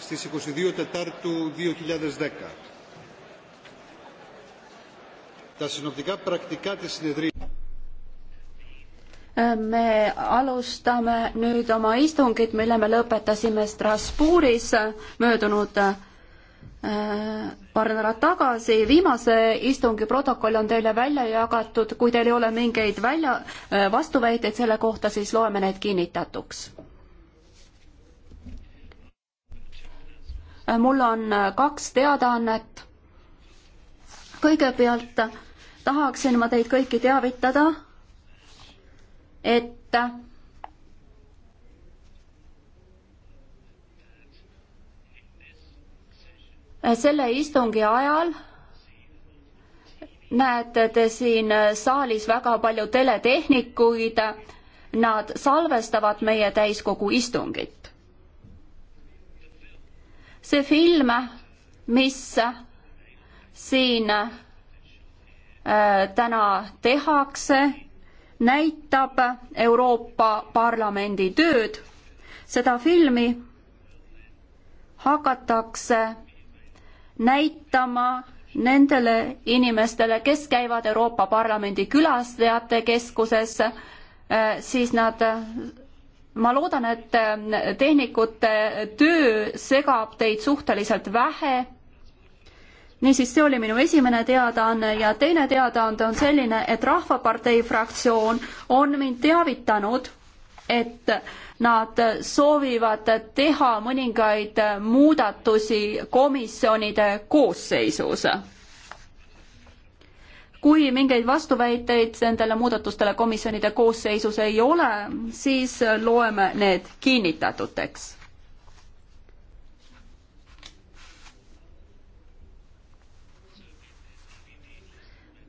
στις 22 Τετάρτου 2010. Τα συνοπτικά πρακτικά της συνεδρίας me alustame nüüd oma istungit, mille me lõpetasime Strasbourgis möödunud äh, paar nädalat tagasi. viimase istungi protokoll on teile välja jagatud, kui teil ei ole mingeid välja, äh, vastuväiteid selle kohta, siis loeme need kinnitatuks mul on äh, kaks teadaannet. kõigepealt tahaksin ma teid kõiki teavitada, et äh, selle istungi ajal näete te siin äh, saalis väga palju teletehnikuid, nad salvestavad meie täiskogu istungit see film, mis siin äh, täna tehakse, näitab Euroopa Parlamendi tööd. seda filmi hakatakse näitama nendele inimestele, kes käivad Euroopa Parlamendi külastajate keskuses, äh, siis nad ma loodan, et ähm, tehnikute töö segab teid suhteliselt vähe. niisiis, see oli minu esimene teadaanne ja teine teadaanne on selline, et Rahvapartei fraktsioon on mind teavitanud, et nad soovivad teha mõningaid muudatusi komisjonide koosseisus kui mingeid vastuväiteid nendele muudatustele komisjonide koosseisus ei ole, siis loeme need kinnitatuteks.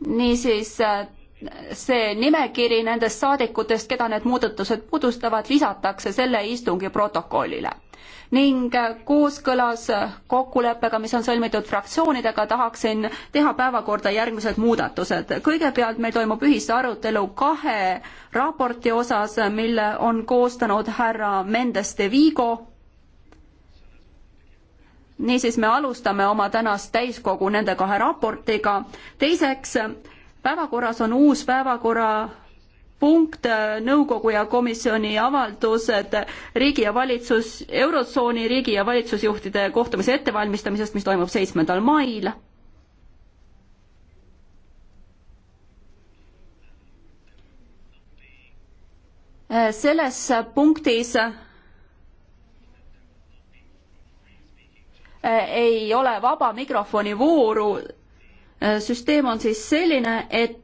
niisiis see nimekiri nendest saadikutest, keda need muudatused puudustavad, lisatakse selle istungi protokollile ning kooskõlas kokkuleppega, mis on sõlmitud fraktsioonidega, tahaksin teha päevakorda järgmised muudatused. kõigepealt meil toimub ühisarutelu kahe raporti osas, mille on koostanud härra Mendes de Vigo. niisiis, me alustame oma tänast täiskogu nende kahe raportiga. teiseks, päevakorras on uus päevakorra punkt, nõukogu ja komisjoni avaldused riigi ja valitsus, Eurotsooni riigi ja valitsusjuhtide kohtumise ettevalmistamisest, mis toimub seitsmendal mail. selles punktis ei ole vaba mikrofoni vooru. süsteem on siis selline, et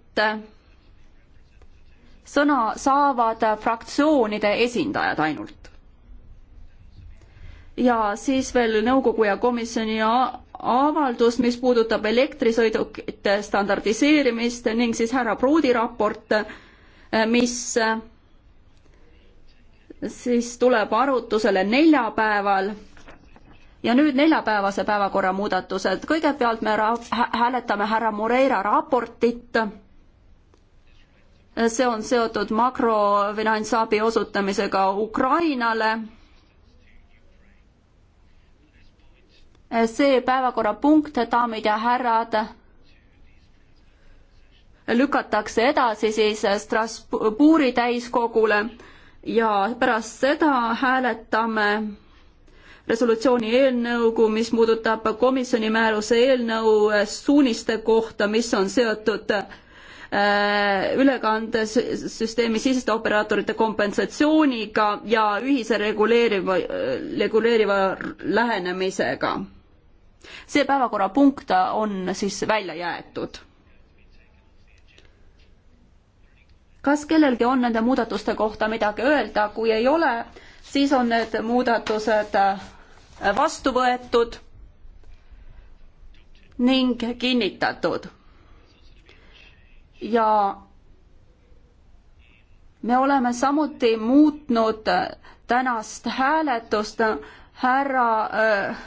sõna saavad fraktsioonide esindajad ainult. ja siis veel nõukogu ja komisjoni avaldus, mis puudutab elektrisõidukite standardiseerimist ning siis härra Pruudi raport, mis siis tuleb arutusele neljapäeval ja nüüd neljapäevase päevakorra muudatused. kõigepealt me hääletame härra Moreira raportit see on seotud makrofinantsabi osutamisega Ukrainale. see päevakorrapunkt, daamid ja härrad, lükatakse edasi siis Strasbourgi täiskogule ja pärast seda hääletame resolutsiooni eelnõugu, mis puudutab komisjoni määruse eelnõu suuniste kohta, mis on seotud Äh, ülekandesüsteemi siseste operaatorite kompensatsiooniga ja ühise reguleeriva, reguleeriva lähenemisega. see päevakorrapunkt on siis välja jäetud kas kellelgi on nende muudatuste kohta midagi öelda, kui ei ole, siis on need muudatused äh, vastu võetud ning kinnitatud ja me oleme samuti muutnud tänast hääletust härra äh,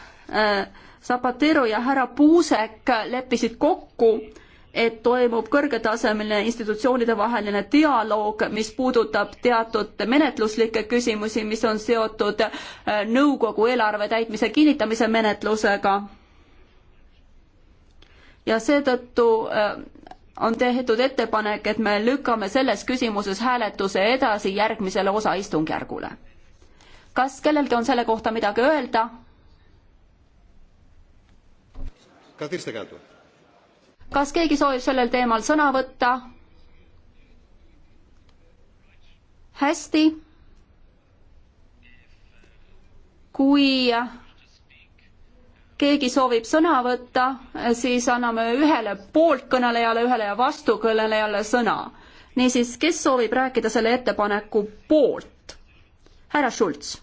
äh, Zapatero ja härra Puusek leppisid kokku, et toimub kõrgetasemeline institutsioonide vaheline dialoog, mis puudutab teatud menetluslikke küsimusi, mis on seotud äh, nõukogu eelarve täitmise kinnitamise menetlusega. ja seetõttu äh, on tehtud ettepanek, et me lükkame selles küsimuses hääletuse edasi järgmisele osaistungjärgule. kas kellelgi on selle kohta midagi öelda? kas keegi soovib sellel teemal sõna võtta? hästi. kui keegi soovib sõna võtta, siis anname ühele pooltkõnelejale, ühele vastukõnelejale sõna. niisiis, kes soovib rääkida selle ettepaneku poolt? härra Schulz.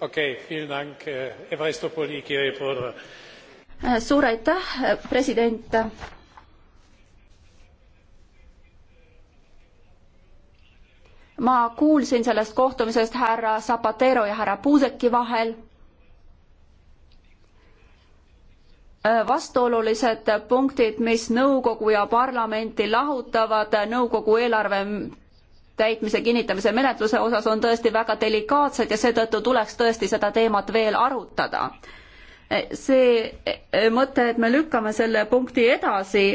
okei äh, okay,, äh, äh, suur aitäh, president ma kuulsin sellest kohtumisest härra Zapatero ja härra Puuseki vahel. Äh, vastuolulised punktid, mis nõukogu ja parlamenti lahutavad nõukogu eelarve täitmise kinnitamise menetluse osas on tõesti väga delikaatsed ja seetõttu tuleks tõesti seda teemat veel arutada. Äh, see äh, mõte, et me lükkame selle punkti edasi,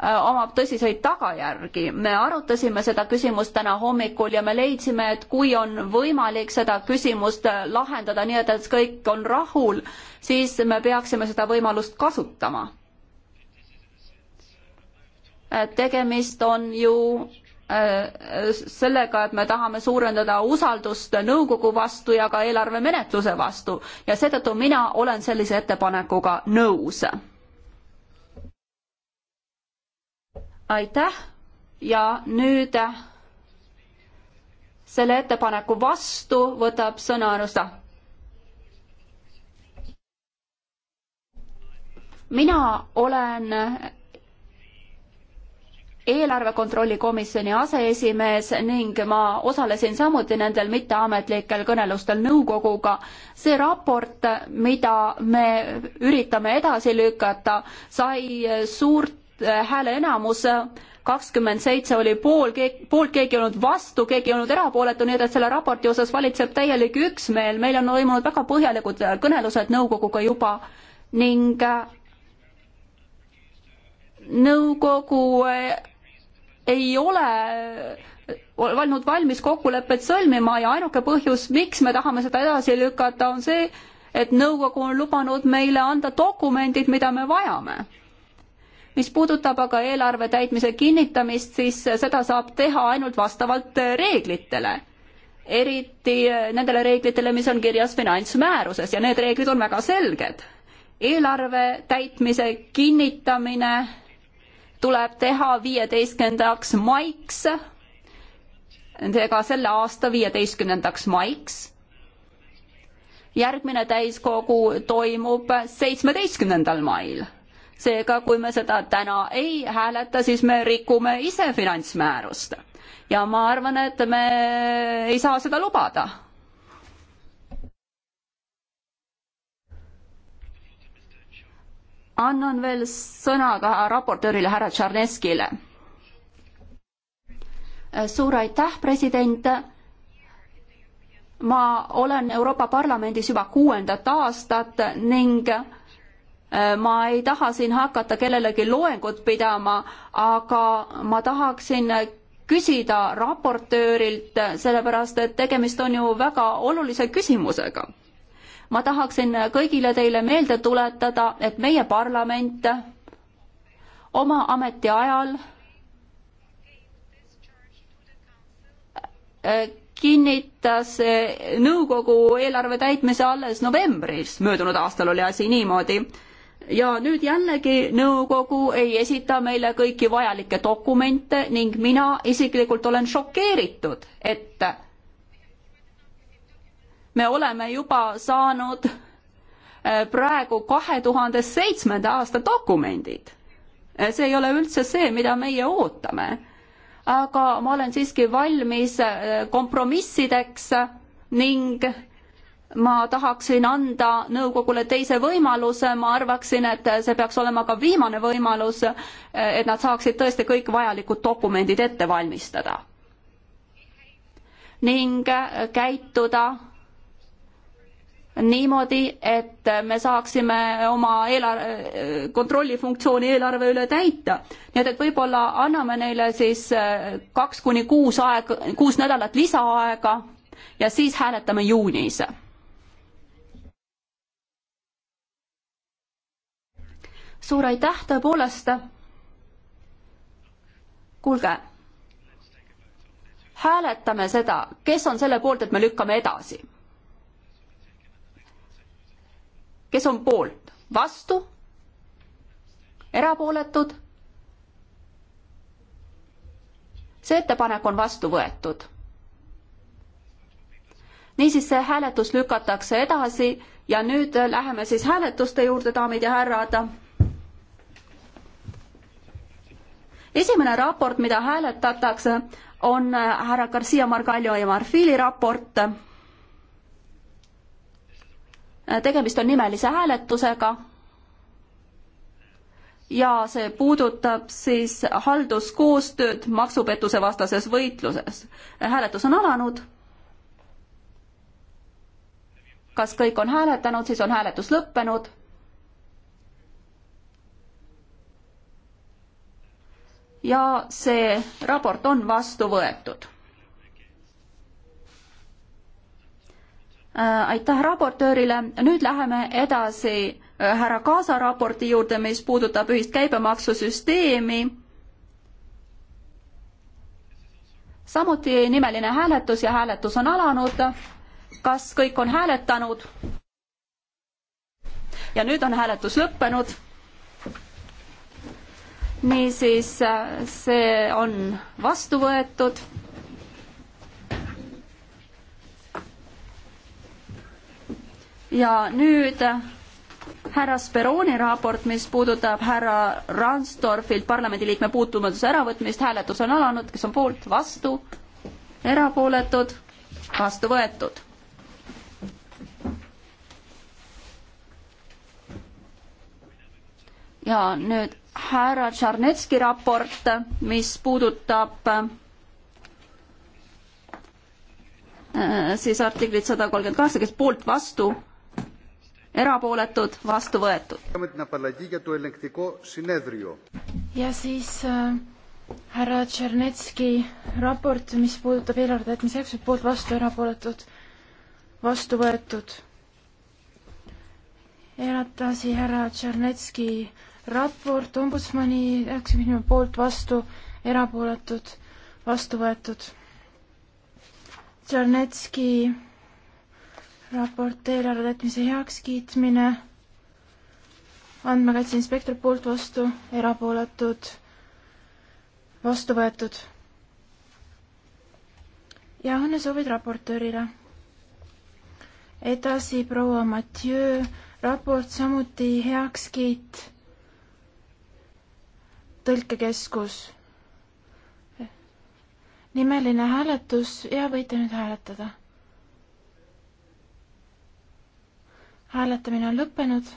Äh, omab tõsiseid tagajärgi. me arutasime seda küsimust täna hommikul ja me leidsime, et kui on võimalik seda küsimust äh, lahendada nii, et, et kõik on rahul, siis me peaksime seda võimalust kasutama. Äh, tegemist on ju sellega, et me tahame suurendada usaldust nõukogu vastu ja ka eelarvemenetluse vastu ja seetõttu mina olen sellise ettepanekuga nõus aitäh ja nüüd selle ettepaneku vastu võtab sõna Anusta. mina olen eelarve kontrolli komisjoni aseesimees ning ma osalesin samuti nendel mitteametlikel kõnelustel nõukoguga. see raport, mida me üritame edasi lükata, sai suurt Äh, hääle enamus, äh, kakskümmend seitse oli pool, poolt keegi ei olnud vastu, keegi ei olnud erapooletu, nii et selle raporti osas valitseb täielik üksmeel, meil on toimunud väga põhjalikud äh, kõnelused nõukoguga juba ning nõukogu ei ole olnud valmis kokkulepet sõlmima ja ainuke põhjus, miks me tahame seda edasi lükata, on see, et nõukogu on lubanud meile anda dokumendid, mida me vajame mis puudutab aga eelarve täitmise kinnitamist, siis seda saab teha ainult vastavalt äh, reeglitele. eriti äh, nendele reeglitele, mis on kirjas finantsmääruses ja need reeglid on väga selged. eelarve täitmise kinnitamine tuleb teha viieteistkümnendaks maiks, seega selle aasta viieteistkümnendaks maiks järgmine täiskogu toimub seitsmeteistkümnendal mail seega, kui me seda täna ei hääleta, siis me rikume ise finantsmäärust. ja ma arvan, et me ei saa seda lubada. annan veel sõna ka raportöörile härra Tšarneskile. suur aitäh, president ma olen Euroopa Parlamendis juba kuuendat aastat ning Äh, ma ei taha siin hakata kellelegi loengut pidama, aga ma tahaksin küsida raportöörilt, sellepärast et tegemist on ju väga olulise küsimusega. ma tahaksin kõigile teile meelde tuletada, et meie parlament oma ametiajal äh, kinnitas äh, nõukogu eelarve täitmise alles novembris, möödunud aastal oli asi niimoodi ja nüüd jällegi nõukogu ei esita meile kõiki vajalikke dokumente ning mina isiklikult olen šokeeritud, et me oleme juba saanud äh, praegu kahe tuhande seitsmenda aasta dokumendid. Äh, see ei ole üldse see, mida meie ootame. aga ma olen siiski valmis äh, kompromissideks ning ma tahaksin anda nõukogule teise võimaluse, ma arvaksin, et see peaks olema ka viimane võimalus, et nad saaksid tõesti kõik vajalikud dokumendid ette valmistada. ning käituda niimoodi, et me saaksime oma eelarve, kontrollifunktsiooni eelarve üle täita. nii et, et võib-olla anname neile siis äh, kaks kuni kuus aeg, kuus nädalat lisaaega ja siis hääletame juunis suur aitäh, tõepoolest. kuulge, hääletame seda, kes on selle poolt, et me lükkame edasi. kes on poolt, vastu, erapooletud? see ettepanek on vastu võetud niisiis see hääletus lükatakse edasi ja nüüd läheme siis hääletuste juurde, daamid ja härrad. esimene raport, mida hääletatakse, on äh, härra Garcia Margallo ja Marfili raport. Äh, tegemist on nimelise hääletusega. ja see puudutab siis halduskoostööd maksupettuse vastases võitluses. Äh, hääletus on alanud. kas kõik on hääletanud, siis on hääletus lõppenud ja see raport on vastu võetud. Äh, aitäh raportöörile, nüüd läheme edasi äh, härra Kaasa raporti juurde, mis puudutab ühist käibemaksusüsteemi. samuti nimeline hääletus ja hääletus on alanud. kas kõik on hääletanud? ja nüüd on hääletus lõppenud niisiis äh, see on vastu võetud. ja nüüd äh, härra Speroni raport, mis puudutab härra Randstorfilt parlamendiliikme puutumatuse äravõtmist, hääletus on alanud, kes on poolt, vastu, erapooletud, vastu võetud. ja nüüd härra Tšarnetski raport, mis puudutab äh, siis artiklit sada kolmkümmend kaheksa, kes poolt vastu, erapooletud, vastu võetud. ja siis äh, härra Tšernetski raport, mis puudutab eelarve täitmise jaoks, poolt vastu, erapooletud, vastu võetud. ja edasi härra Tšernetski raport ombudsmani üheksakümne poolt vastu, erapooletud, vastu võetud. Tšernetski raport eelarve täitmise heakskiitmine, andmekaitse inspektor poolt vastu, erapooletud, vastu võetud. ja õnnesoovid raportöörile. edasi proua Mathieu raport samuti heakskiit tõlkekeskus. nimeline hääletus ja võite nüüd hääletada. hääletamine on lõppenud.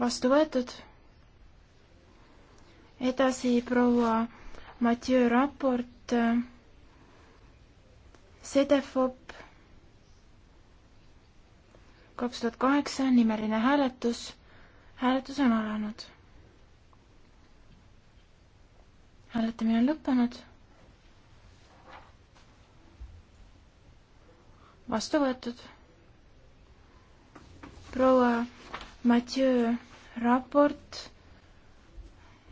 vastu võetud. edasi proua Mathieu raport. Sedefop kaks tuhat kaheksa, nimeline hääletus. hääletus on alanud. hääletamine on lõppenud. vastu võetud. proua Mathieu raport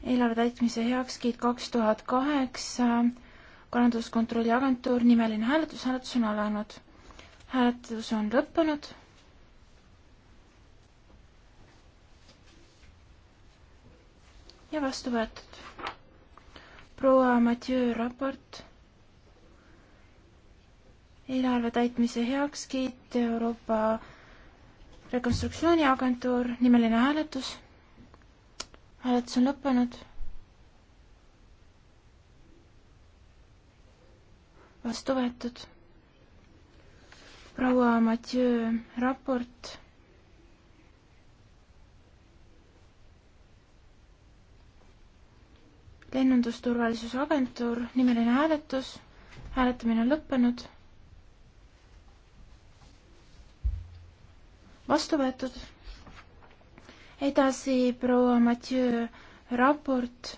eelarve täitmise heakskiit kaks tuhat kaheksa, kalanduskontrolli agentuur, nimeline hääletus, hääletus on alanud. hääletus on lõppenud ja vastu võetud. proua Mathieu raport eelarve täitmise heakskiit Euroopa Rekonstruktsiooniagentuur, nimeline hääletus. hääletus on lõppenud. vastu võetud. proua Mathieu raport lennundusturvalisusagentuur, nimeline hääletus, hääletamine on lõppenud. vastu võetud. edasi proua Mathieu raport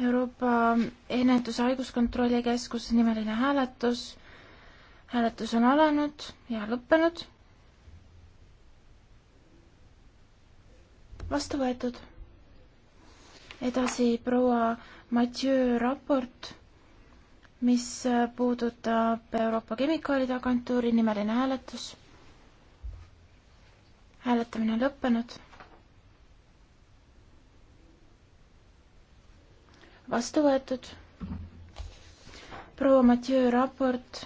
Euroopa Ennetus- ja Haiguskontrolli Keskuse nimeline hääletus. hääletus on alanud ja lõppenud. vastu võetud edasi proua Mathieu raport, mis puudutab Euroopa Kemikaalide Agentuuri nimeline hääletus. hääletamine on lõppenud. vastu võetud. proua Mathieu raport,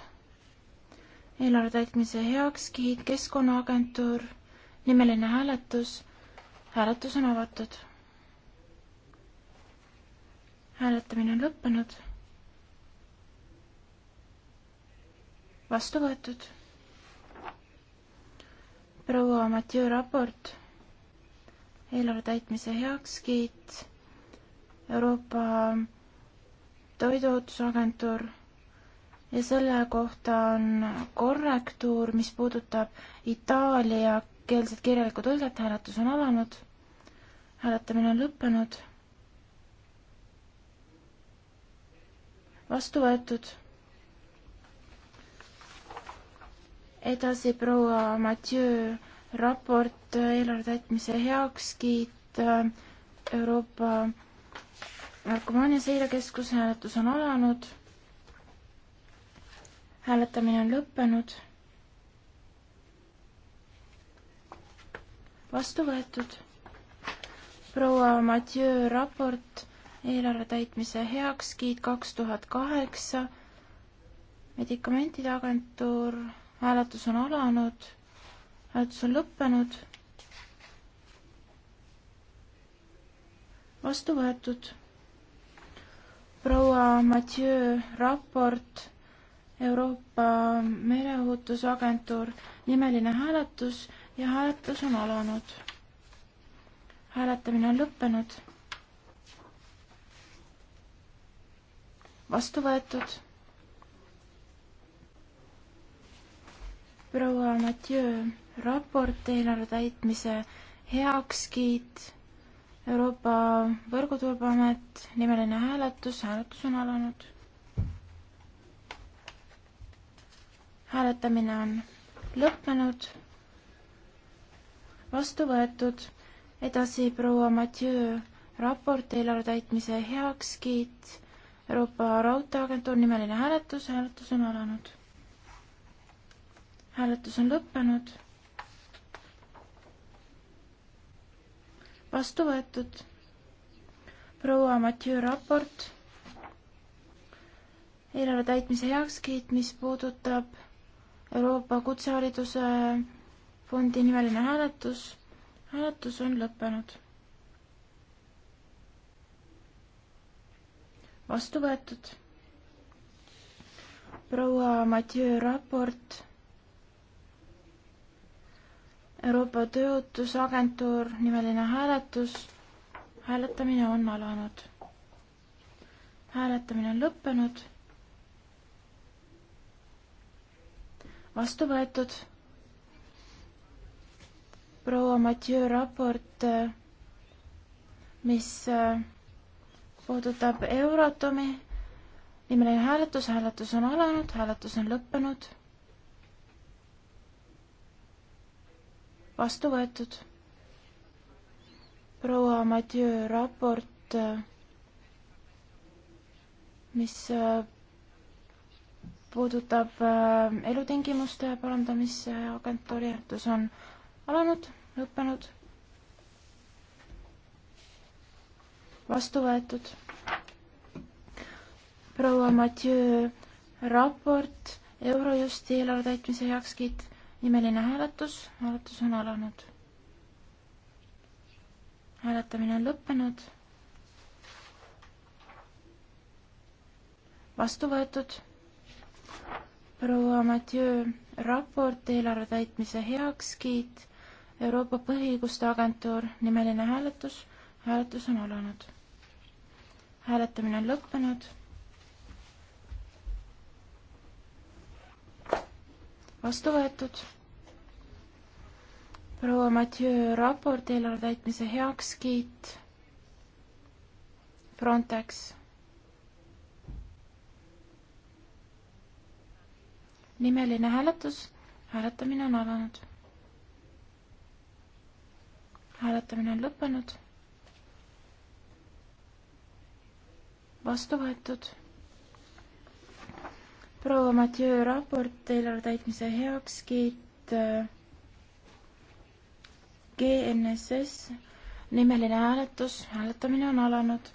eelarve täitmise heakskiit, Keskkonnaagentuur, nimeline hääletus. hääletus on avatud hääletamine on lõppenud. vastu võetud. proua Mathieu raport, eelarve täitmise heakskiit, Euroopa Toiduohutusagentuur ja selle kohta on korrektuur, mis puudutab itaalia keelset kirjalikku tõlget, hääletus on alanud, hääletamine on lõppenud vastu võetud. edasi proua Mathieu raport eelarve täitmise heakskiit äh, Euroopa narkomaania seirekeskuse hääletus on alanud. hääletamine on lõppenud. vastu võetud proua Mathieu raport eelarve täitmise heakskiit kaks tuhat kaheksa, medikamentide agentuur, hääletus on alanud, hääletus on lõppenud, vastu võetud. proua Mathieu raport, Euroopa Mereohutusagentuur, nimeline hääletus ja hääletus on alanud. hääletamine on lõppenud vastu võetud. proua Mathieu raport eelarve täitmise heakskiit, Euroopa Võrguturbeamet, nimeline hääletus, hääletus on alanud. hääletamine on lõppenud, vastu võetud, edasi proua Mathieu raport eelarve täitmise heakskiit Euroopa Raudteeagentuur nimeline hääletus, hääletus on alanud. hääletus on lõppenud. vastu võetud. proua Mathieu raport eelarve täitmise heakskiit, mis puudutab Euroopa Kutsehariduse Fondi nimeline hääletus. hääletus on lõppenud vastu võetud. proua Mathieu raport. Euroopa Töötusagentuur nimeline hääletus. hääletamine on alanud. hääletamine on lõppenud. vastu võetud. proua Mathieu raport, mis äh, puudutab Euratomi nimeline hääletus, hääletus on alanud, hääletus on lõppenud. vastu võetud. proua Mathieu raport, mis äh, puudutab äh, elutingimuste parandamise agentuuri, hääletus on alanud, lõppenud vastu võetud. proua Mathieu raport Eurojusti eelarve täitmise heakskiit, nimeline hääletus, hääletus on alanud. hääletamine on lõppenud. vastu võetud proua Mathieu raport eelarve täitmise heakskiit, Euroopa Põhiõiguste Agentuur, nimeline hääletus, hääletus on alanud hääletamine on lõppenud. vastu võetud. proua Mathieu raport eelarve täitmise heakskiit. Frontex. nimeline hääletus, hääletamine on alanud. hääletamine on lõppenud vastu võetud. proua Mathieu raport eelarve täitmise heakskiit GNSS nimeline hääletus, hääletamine on alanud,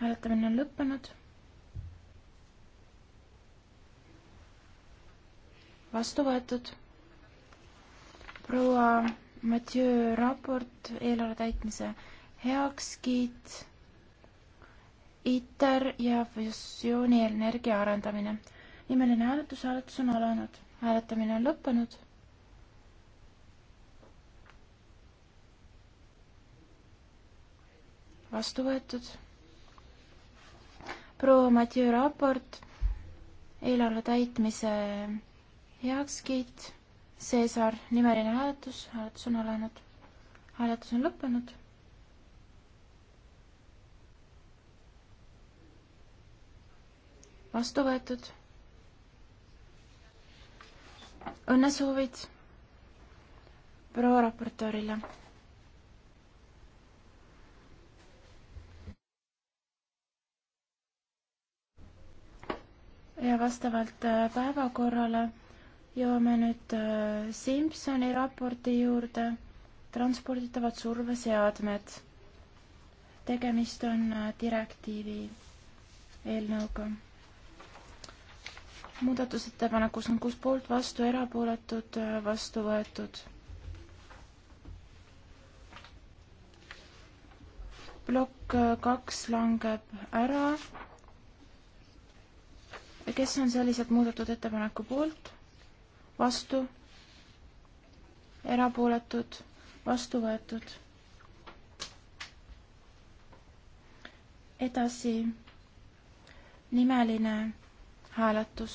hääletamine on lõppenud. vastu võetud. proua Mathieu raport eelarve täitmise heakskiit ITER ja fusioonienergia arendamine. nimeline hääletus, hääletus on alanud, hääletamine on lõppenud. vastu võetud. proua Mathieu raport, eelarve täitmise heakskiit, Cesar nimeline hääletus, hääletus on alanud, hääletus on lõppenud vastu võetud. õnnesoovid proua raportöörile. ja vastavalt äh, päevakorrale jõuame nüüd äh, Simsoni raporti juurde, transporditavad surveseadmed. tegemist on äh, direktiivi eelnõuga muudatusettepanek kuuskümmend kuus poolt, vastu erapooletud, vastu võetud. plokk kaks langeb ära. kes on selliselt muudetud ettepaneku poolt? vastu? erapooletud? vastu võetud? edasi nimeline hääletus.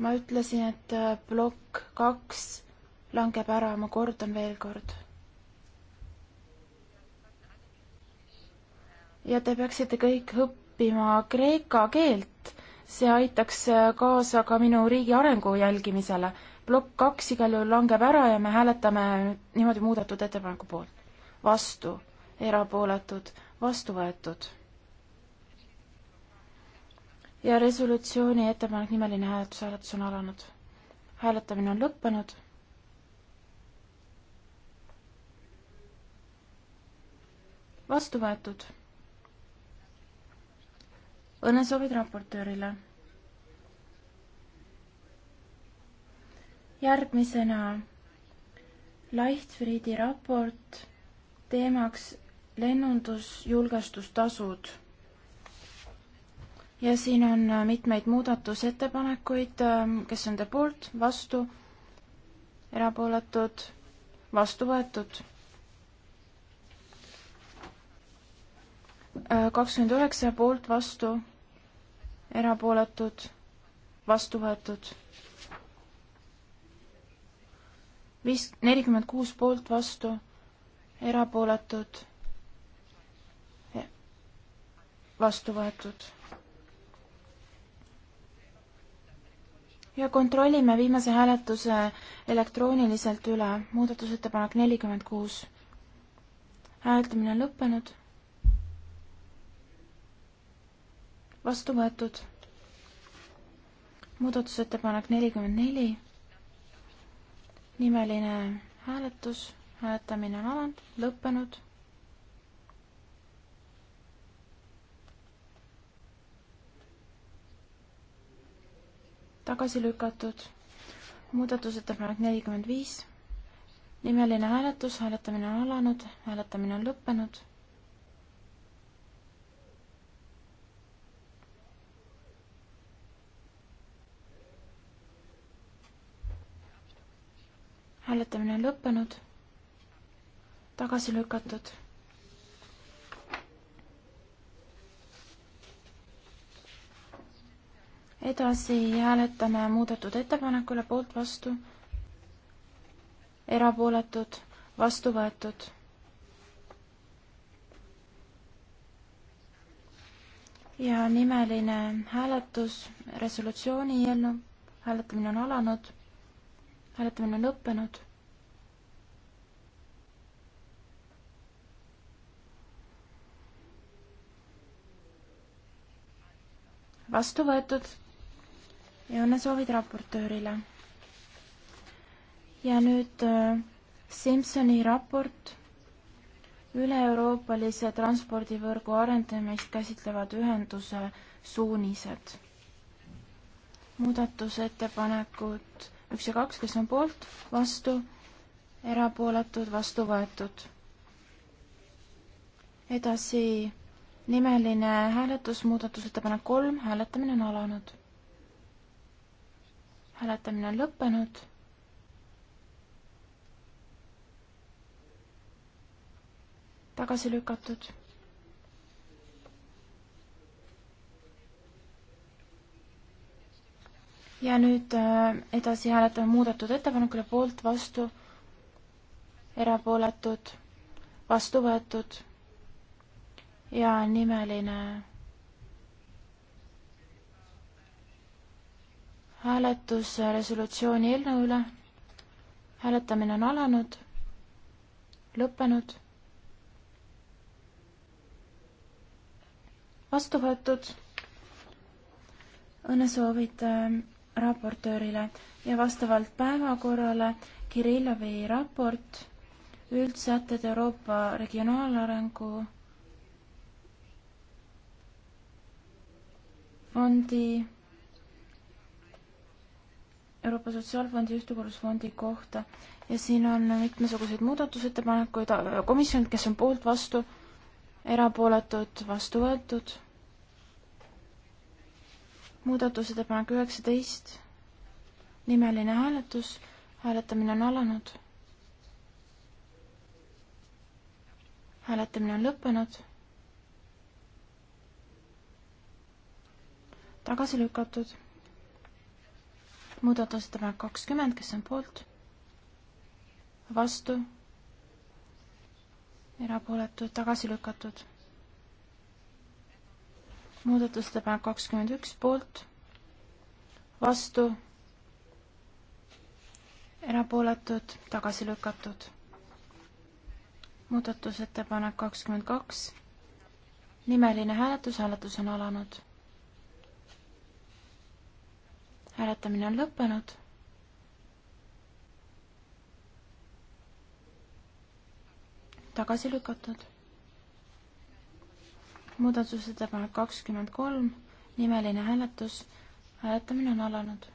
ma ütlesin, et äh, plokk kaks langeb ära, ma kordan veel kord. ja te peaksite kõik õppima kreeka keelt, see aitaks äh, kaasa ka minu riigi arengu jälgimisele. plokk kaks igal juhul langeb ära ja me hääletame nüüd niimoodi muudetud ettepaneku poolt. vastu, erapooletud vastu võetud. ja resolutsiooni ettepanek nimeline hääletus, hääletus on alanud. hääletamine on lõppenud. vastu võetud. õnnesoovid raportöörile. järgmisena Leichtfriedi raport teemaks lennundusjulgestustasud. ja siin on äh, mitmeid muudatusettepanekuid, ähm, kes on poolt, vastu, erapooletud, vastu võetud. Äh, kakskümmend üheksa poolt, vastu, erapooletud, vastu võetud. viis, nelikümmend kuus poolt, vastu, erapooletud vastu võetud. ja kontrollime viimase hääletuse elektrooniliselt üle. muudatusettepanek nelikümmend kuus. hääletamine on lõppenud. vastu võetud. muudatusettepanek nelikümmend neli. nimeline hääletus, hääletamine on alanud, lõppenud tagasi lükatud. muudatusettepanek nelikümmend viis, nimeline hääletus, hääletamine on alanud, hääletamine on lõppenud. hääletamine on lõppenud, tagasi lükatud edasi hääletame muudetud ettepanekule poolt vastu, erapooletud, vastu võetud. ja nimeline hääletus, resolutsiooni eelnõu, hääletamine on alanud, hääletamine on lõppenud vastu võetud ja õnnesoovid raportöörile. ja nüüd äh, Simsoni raport üle-euroopalise transpordivõrgu arendamist käsitlevad ühenduse suunised. muudatusettepanekud üks ja kaks, kes on poolt, vastu, erapooletud, vastu võetud. edasi nimeline hääletus, muudatusettepanek kolm, hääletamine on alanud hääletamine on lõppenud. tagasi lükatud. ja nüüd äh, edasi hääletame muudetud ettepanekule poolt, vastu, erapooletud, vastu võetud ja nimeline hääletus resolutsiooni eelnõu üle. hääletamine on alanud, lõppenud. vastu võetud. õnnesoovid ähm, raportöörile ja vastavalt päevakorrale Kirillovi raport üldsätted Euroopa regionaalarengu fondi Euroopa Sotsiaalfondi Ühtekuuluvusfondi kohta ja siin on mitmesuguseid muudatusettepanekuid, komisjon, kes on poolt, vastu, erapooletud, vastu võetud. muudatusettepanek üheksateist, nimeline hääletus, hääletamine on alanud. hääletamine on lõppenud. tagasi lükatud muudatusettepanek kakskümmend, kes on poolt? vastu? erapooletud, tagasi lükatud. muudatusettepanek kakskümmend üks, poolt? vastu? erapooletud, tagasi lükatud. muudatusettepanek kakskümmend kaks, nimeline hääletus, hääletus on alanud hääletamine on lõppenud. tagasi lükatud. muudatusettepanek kakskümmend kolm, nimeline hääletus, hääletamine on alanud.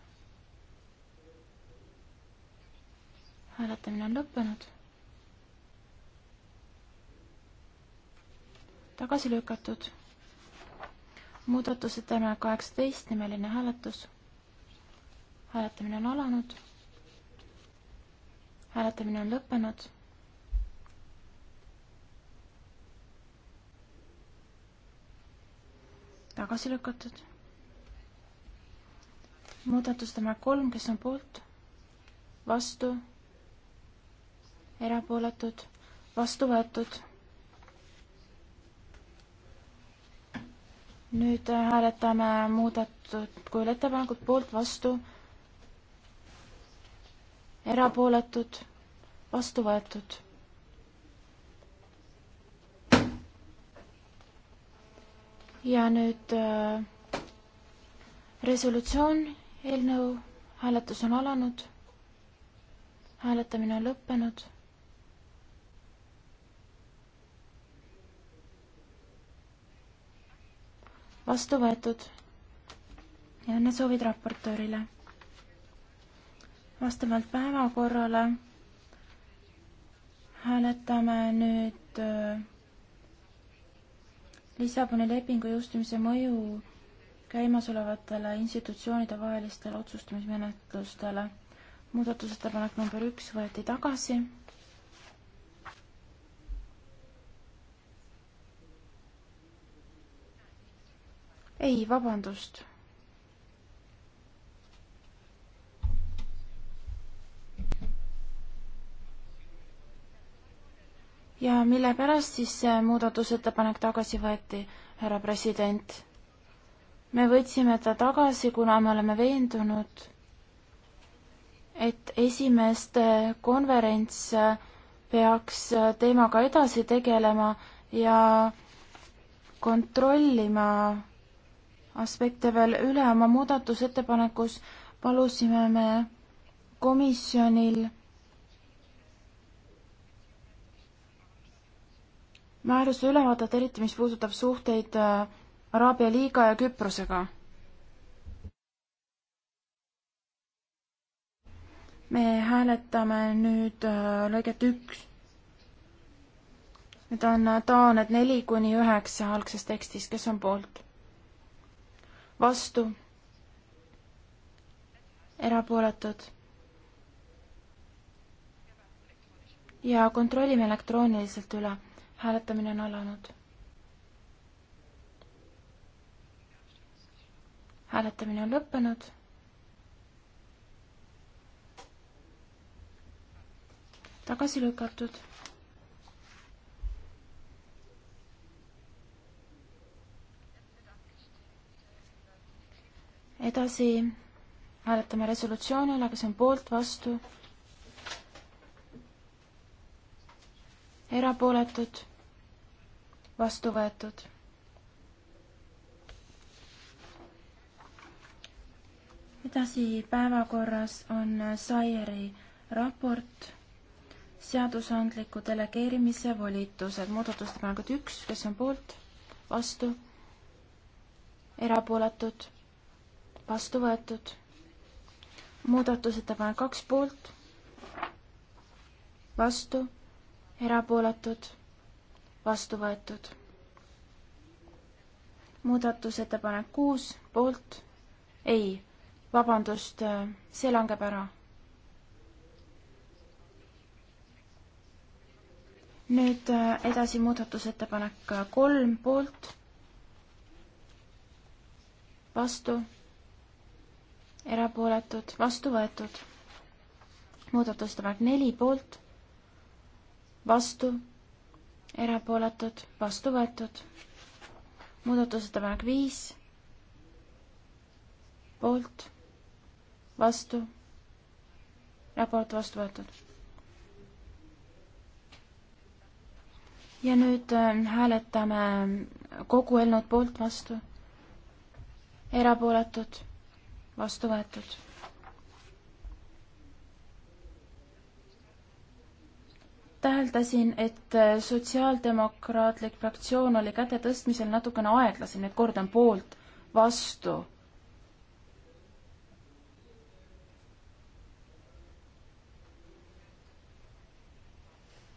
hääletamine on lõppenud. tagasi lükatud. muudatusettepanek kaheksateist, nimeline hääletus hääletamine on alanud. hääletamine on lõppenud. tagasi lükatud. muudatusettepanek kolm, kes on poolt, vastu, erapooletud, vastu võetud. nüüd hääletame muudetud kujul ettepanekut poolt, vastu erapooletud, vastu võetud. ja nüüd äh, resolutsioon, eelnõu, hääletus on alanud, hääletamine on lõppenud. vastu võetud ja õnnesoovid raportöörile vastavalt päevakorrale hääletame nüüd äh, Lissaboni lepingu jõustumise mõju käimasolevatele institutsioonide vahelistele otsustamismenetlustele. muudatusettepanek number üks võeti tagasi. ei, vabandust ja mille pärast siis see muudatusettepanek tagasi võeti, härra president? me võtsime ta tagasi, kuna me oleme veendunud, et esimeste konverents peaks teemaga edasi tegelema ja kontrollima aspekte veel üle. oma muudatusettepanekus palusime me komisjonil määruse ülevaadet, eriti mis puudutab suhteid äh, Araabia liiga ja Küprosega. me hääletame nüüd äh, lõiget üks. Need on äh, taaned neli kuni üheksa algses tekstis, kes on poolt? vastu? erapooletud? ja kontrollime elektrooniliselt üle hääletamine on alanud. hääletamine on lõppenud. tagasi lükatud. edasi hääletame resolutsiooni üle, kas on poolt, vastu erapooletud, vastu võetud. edasi päevakorras on Sairi raport seadusandliku delegeerimise volitused, muudatusettepanekud üks, kes on poolt, vastu, erapooletud, vastu võetud, muudatusettepanek kaks poolt, vastu erapooletud, vastu võetud. muudatusettepanek kuus, poolt, ei, vabandust, see langeb ära. nüüd äh, edasi muudatusettepanek kolm, poolt, vastu, erapooletud, vastu võetud. muudatusettepanek neli, poolt vastu, erapooletud, vastu võetud. muudatusettepanek viis, poolt, vastu, erapooletu, vastu võetud. ja nüüd ähm, hääletame kogu eelnõud poolt, vastu, erapooletud, vastu võetud täheldasin, et äh, Sotsiaaldemokraatlik fraktsioon oli käte tõstmisel natukene aeglasem, nüüd kordan poolt, vastu.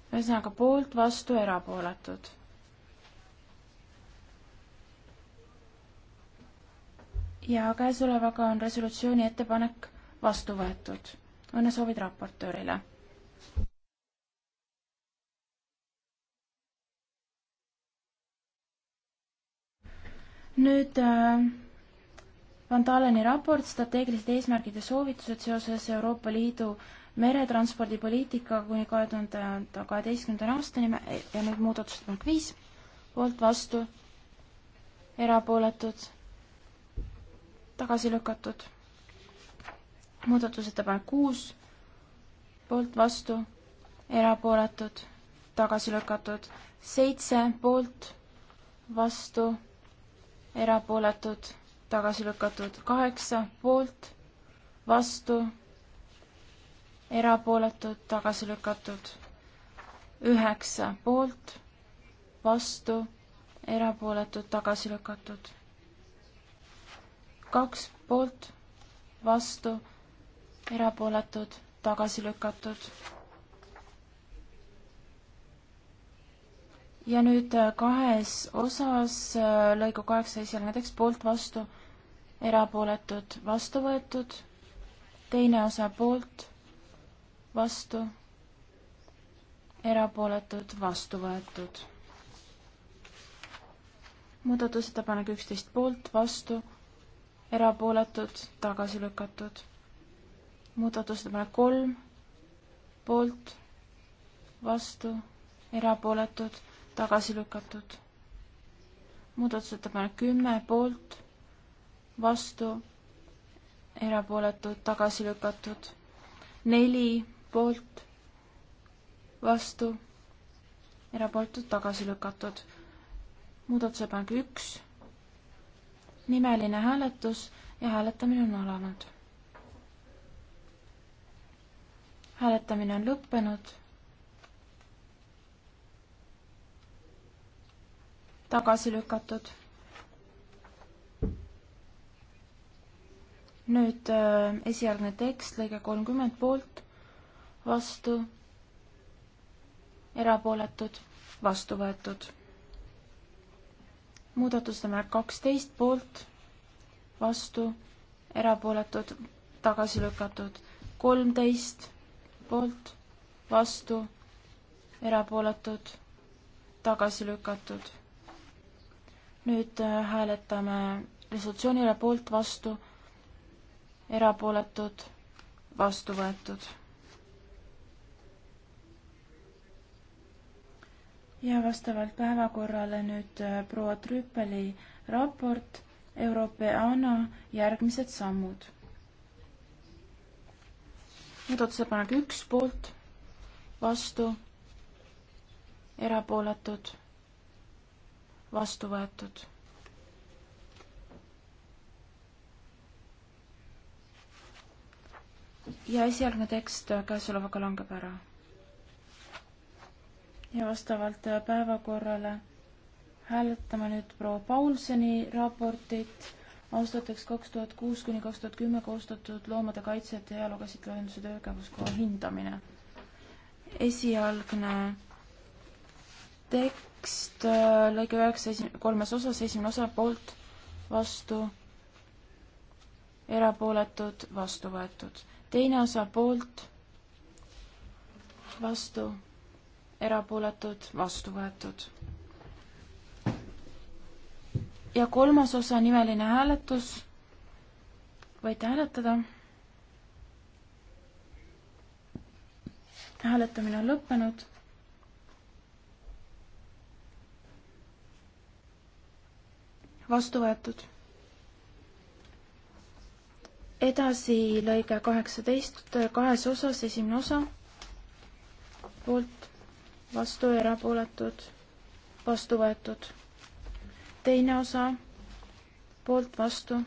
ühesõnaga poolt, vastu, erapooletud. ja käesolevaga on resolutsiooni ettepanek vastu võetud. õnnesoovid raportöörile! nüüd äh, Van Daleni raport strateegilised eesmärgid ja soovitused seoses Euroopa Liidu meretranspordipoliitikaga kuni kahe tuhande kaheteistkümnenda aastani ja nüüd muudatusettepanek viis, poolt, vastu, erapooletud, tagasi lükatud. muudatusettepanek kuus, poolt, vastu, erapooletud, tagasi lükatud, seitse poolt, vastu erapooletud, tagasi lükatud kaheksa poolt, vastu, erapooletud, tagasi lükatud üheksa poolt, vastu, erapooletud, tagasi lükatud kaks poolt, vastu, erapooletud, tagasi lükatud ja nüüd äh, kahes osas äh, lõigu kaheksa esialgne tekst poolt vastu, erapooletud vastu võetud, teine osa poolt vastu, erapooletud vastu võetud. muudatusettepanek üksteist poolt vastu, erapooletud tagasi lükatud. muudatusettepanek kolm poolt vastu, erapooletud tagasi lükatud. muudatusettepanek kümme poolt, vastu, erapooletud, tagasi lükatud. neli poolt, vastu, erapooletud, tagasi lükatud. muudatusettepanek üks, nimeline hääletus ja hääletamine on alanud. hääletamine on lõppenud tagasi lükatud. nüüd äh, esialgne tekst, lõige kolmkümmend poolt, vastu, erapooletud, vastu võetud. muudatuste märk kaksteist poolt, vastu, erapooletud, tagasi lükatud, kolmteist poolt, vastu, erapooletud, tagasi lükatud nüüd äh, hääletame resolutsioonile poolt vastu, erapooletud, vastu võetud. ja vastavalt päevakorrale nüüd äh, proua Trüppeli raport Europeana järgmised sammud. muudatusepanek üks poolt, vastu, erapooletud vastu võetud. ja esialgne tekst käesolevaga langeb ära. ja vastavalt päevakorrale hääletame nüüd proua Paulseni raportit aastateks kaks tuhat kuus kuni kaks tuhat kümme koostatud loomade kaitset ja heaolu käsitleva ühenduse tegevuskoha hindamine. esialgne tekst tekst äh, lõige üheksa esi-, kolmes osas, esimene osa poolt, vastu, erapooletud, vastu võetud. teine osa poolt, vastu, erapooletud, vastu võetud. ja kolmas osa, nimeline hääletus, võite hääletada. hääletamine on lõppenud vastu võetud. edasi lõige kaheksateist kahes osas, esimene osa, poolt, vastu, erapooletud, vastu võetud. teine osa, poolt, vastu,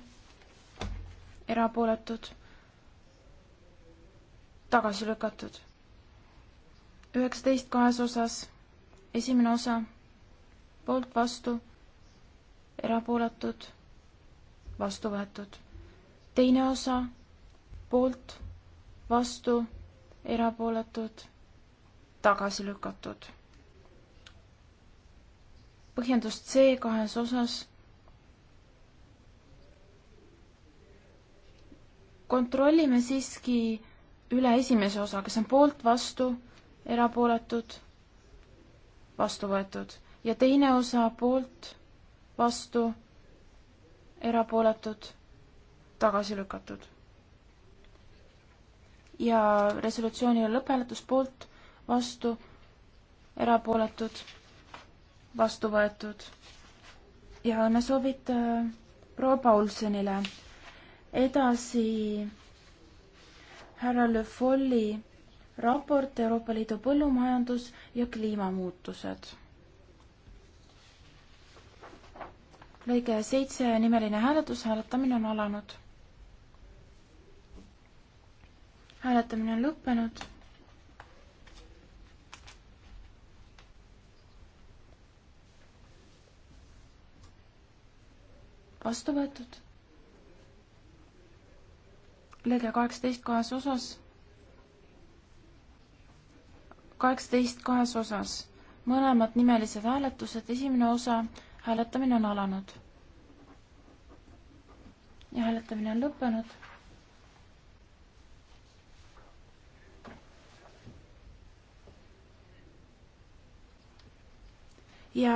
erapooletud, tagasi lükatud. üheksateist kahes osas, esimene osa, poolt, vastu erapooletud, vastu võetud. teine osa, poolt, vastu, erapooletud, tagasi lükatud. põhjendus C kahes osas. kontrollime siiski üle esimese osa, kas on poolt, vastu, erapooletud, vastu võetud ja teine osa poolt vastu, erapooletud, tagasi lükatud. ja resolutsiooni lõpphääletus poolt, vastu, erapooletud, vastu võetud. ja õnnesoovid äh, proua Paulsenile. edasi härra Le Folli raport Euroopa Liidu põllumajandus ja kliimamuutused lõige seitse nimeline hääletus, hääletamine on alanud. hääletamine on lõppenud. vastu võetud. lõige kaheksateist kahes osas. kaheksateist kahes osas, mõlemad nimelised hääletused, esimene osa hääletamine on alanud. ja hääletamine on lõppenud. ja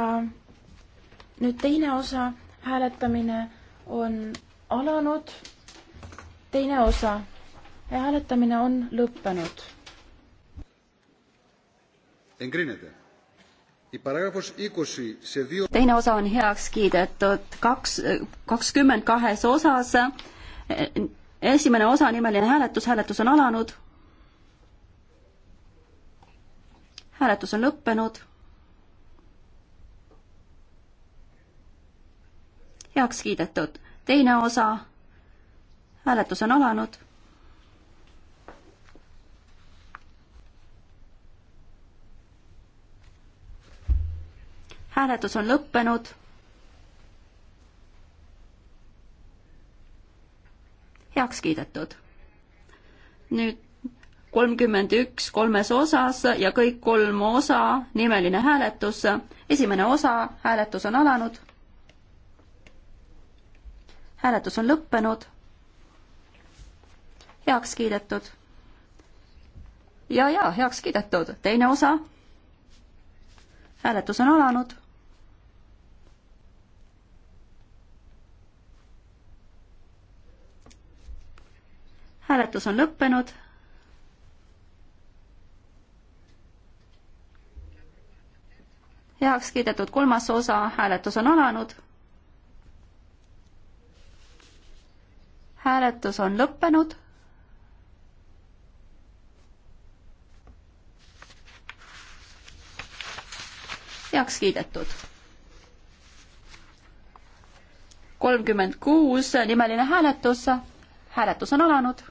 nüüd teine osa, hääletamine on alanud, teine osa ja hääletamine on lõppenud. Engrinede teine osa on heaks kiidetud kaks, kakskümmend kahes osas. esimene osa, nimeline hääletus, hääletus on alanud. hääletus on lõppenud. heaks kiidetud. teine osa, hääletus on alanud hääletus on lõppenud. heaks kiidetud. nüüd kolmkümmend üks kolmes osas ja kõik kolm osa, nimeline hääletus. esimene osa, hääletus on alanud. hääletus on lõppenud. heaks kiidetud. ja, ja heaks kiidetud. teine osa. hääletus on alanud hääletus on lõppenud. heaks kiidetud kolmas osa, hääletus on alanud. hääletus on lõppenud heaks kiidetud. kolmkümmend kuus nimeline hääletus, hääletus on alanud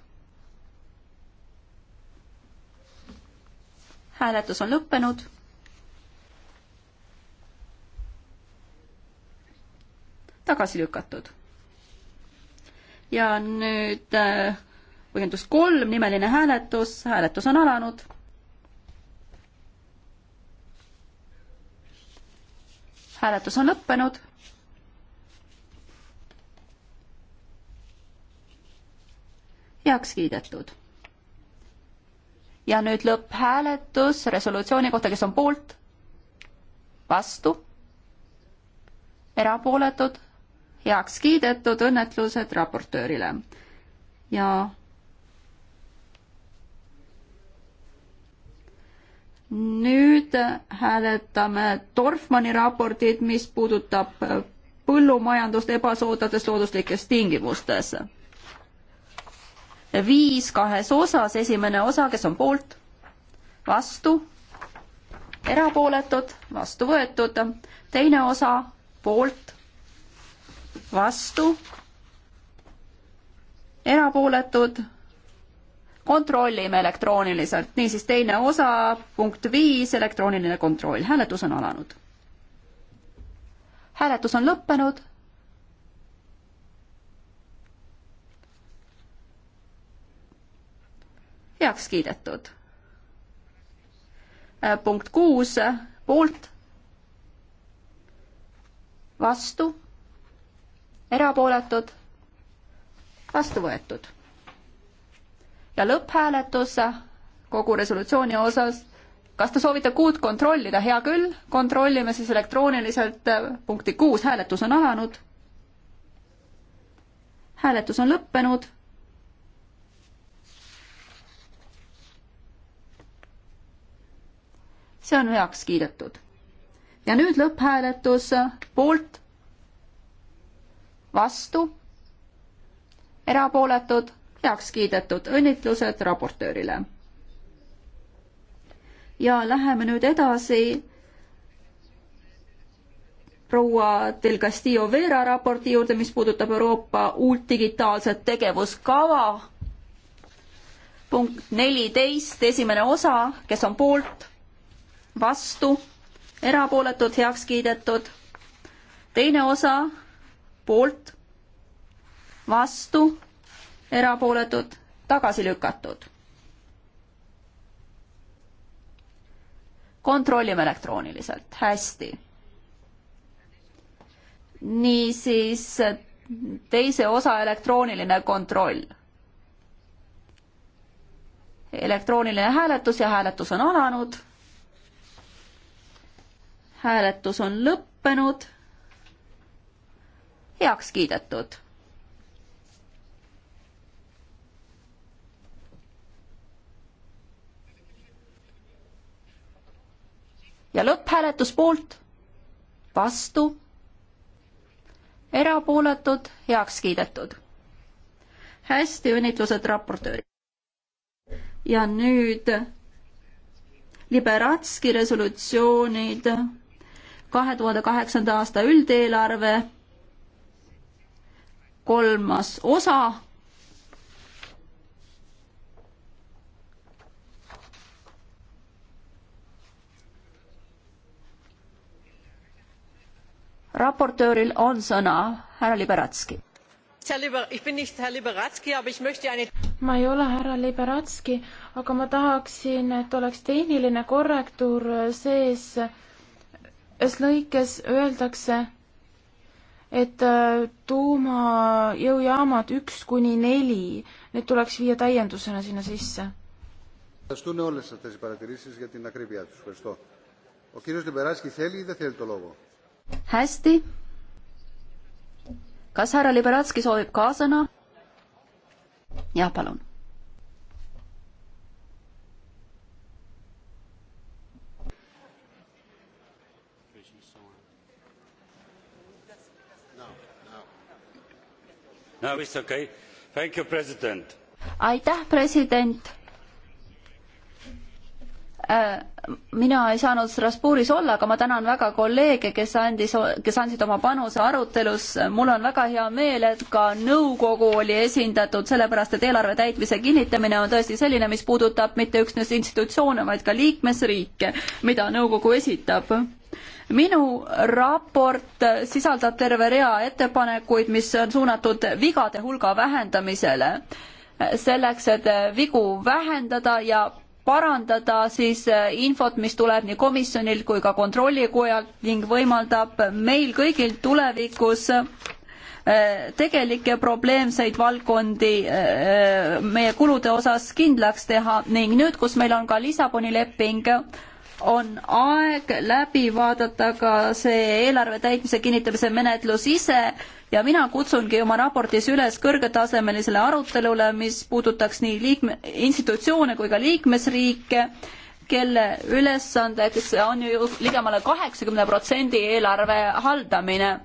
hääletus on lõppenud. tagasi lükatud. ja nüüd äh, põhjendus kolm, nimeline hääletus, hääletus on alanud. hääletus on lõppenud heaks kiidetud ja nüüd lõpphääletus resolutsiooni kohta, kes on poolt, vastu, erapooletud, heaks kiidetud, õnnetlused raportöörile. ja nüüd hääletame Dorfmanni raportit, mis puudutab põllumajandust ebasoodades looduslikes tingimustes viis kahes osas, esimene osa, kes on poolt, vastu, erapooletud, vastu võetud, teine osa poolt, vastu, erapooletud, kontrollime elektrooniliselt, niisiis teine osa, punkt viis, elektrooniline kontroll, hääletus on alanud. hääletus on lõppenud heaks kiidetud. Äh, punkt kuus, poolt, vastu, erapooletud, vastu võetud. ja lõpphääletus kogu resolutsiooni osas kas te soovite kuud kontrollida, hea küll, kontrollime siis elektrooniliselt äh, punkti kuus, hääletus on alanud. hääletus on lõppenud see on heaks kiidetud. ja nüüd lõpphääletus poolt, vastu, erapooletud, heaks kiidetud, õnnitlused raportöörile. ja läheme nüüd edasi proua Del Castillo Vera raporti juurde, mis puudutab Euroopa uut digitaalset tegevuskava. punkt neliteist, esimene osa, kes on poolt vastu, erapooletud, heaks kiidetud. teine osa poolt, vastu, erapooletud, tagasi lükatud. kontrollime elektrooniliselt, hästi. niisiis teise osa elektrooniline kontroll elektrooniline hääletus ja hääletus on alanud hääletus on lõppenud. heaks kiidetud. ja lõpphääletus poolt, vastu, erapooletud, heaks kiidetud. hästi, õnnitlused raportöörile. ja nüüd Liberatski resolutsioonid kahe tuhande kaheksanda aasta üldeelarve kolmas osa. raportööril on sõna härra Liberatski ma ei ole härra Liberatski, aga ma tahaksin, et oleks tehniline korrektuur sees äh, ühes lõikes öeldakse, et äh, tuumajõujaamad üks kuni neli, need tuleks viia täiendusena sinna sisse. hästi. kas härra Liberatski soovib ka sõna? jah, palun Okay. You, president. aitäh, president äh, mina ei saanud Strasbourgis olla, aga ma tänan väga kolleege, kes andis, kes andsid oma panuse arutelusse. mul on väga hea meel, et ka nõukogu oli esindatud, sellepärast et eelarve täitmise kinnitamine on tõesti selline, mis puudutab mitte üksnes institutsioone, vaid ka liikmesriike, mida nõukogu esitab minu raport sisaldab terve rea ettepanekuid, mis on suunatud vigade hulga vähendamisele. selleks, et vigu vähendada ja parandada siis infot, mis tuleb nii komisjonilt kui ka kontrollikojalt ning võimaldab meil kõigil tulevikus äh, tegelikke probleemseid valdkondi äh, meie kulude osas kindlaks teha ning nüüd, kus meil on ka Lissaboni leping, on aeg läbi vaadata ka see eelarve täitmise kinnitamise menetlus ise ja mina kutsungi oma raportis üles kõrgetasemelisele arutelule, mis puudutaks nii liikme, institutsioone kui ka liikmesriike, kelle ülesandeks on ju ligemale kaheksakümne protsendi eelarve haldamine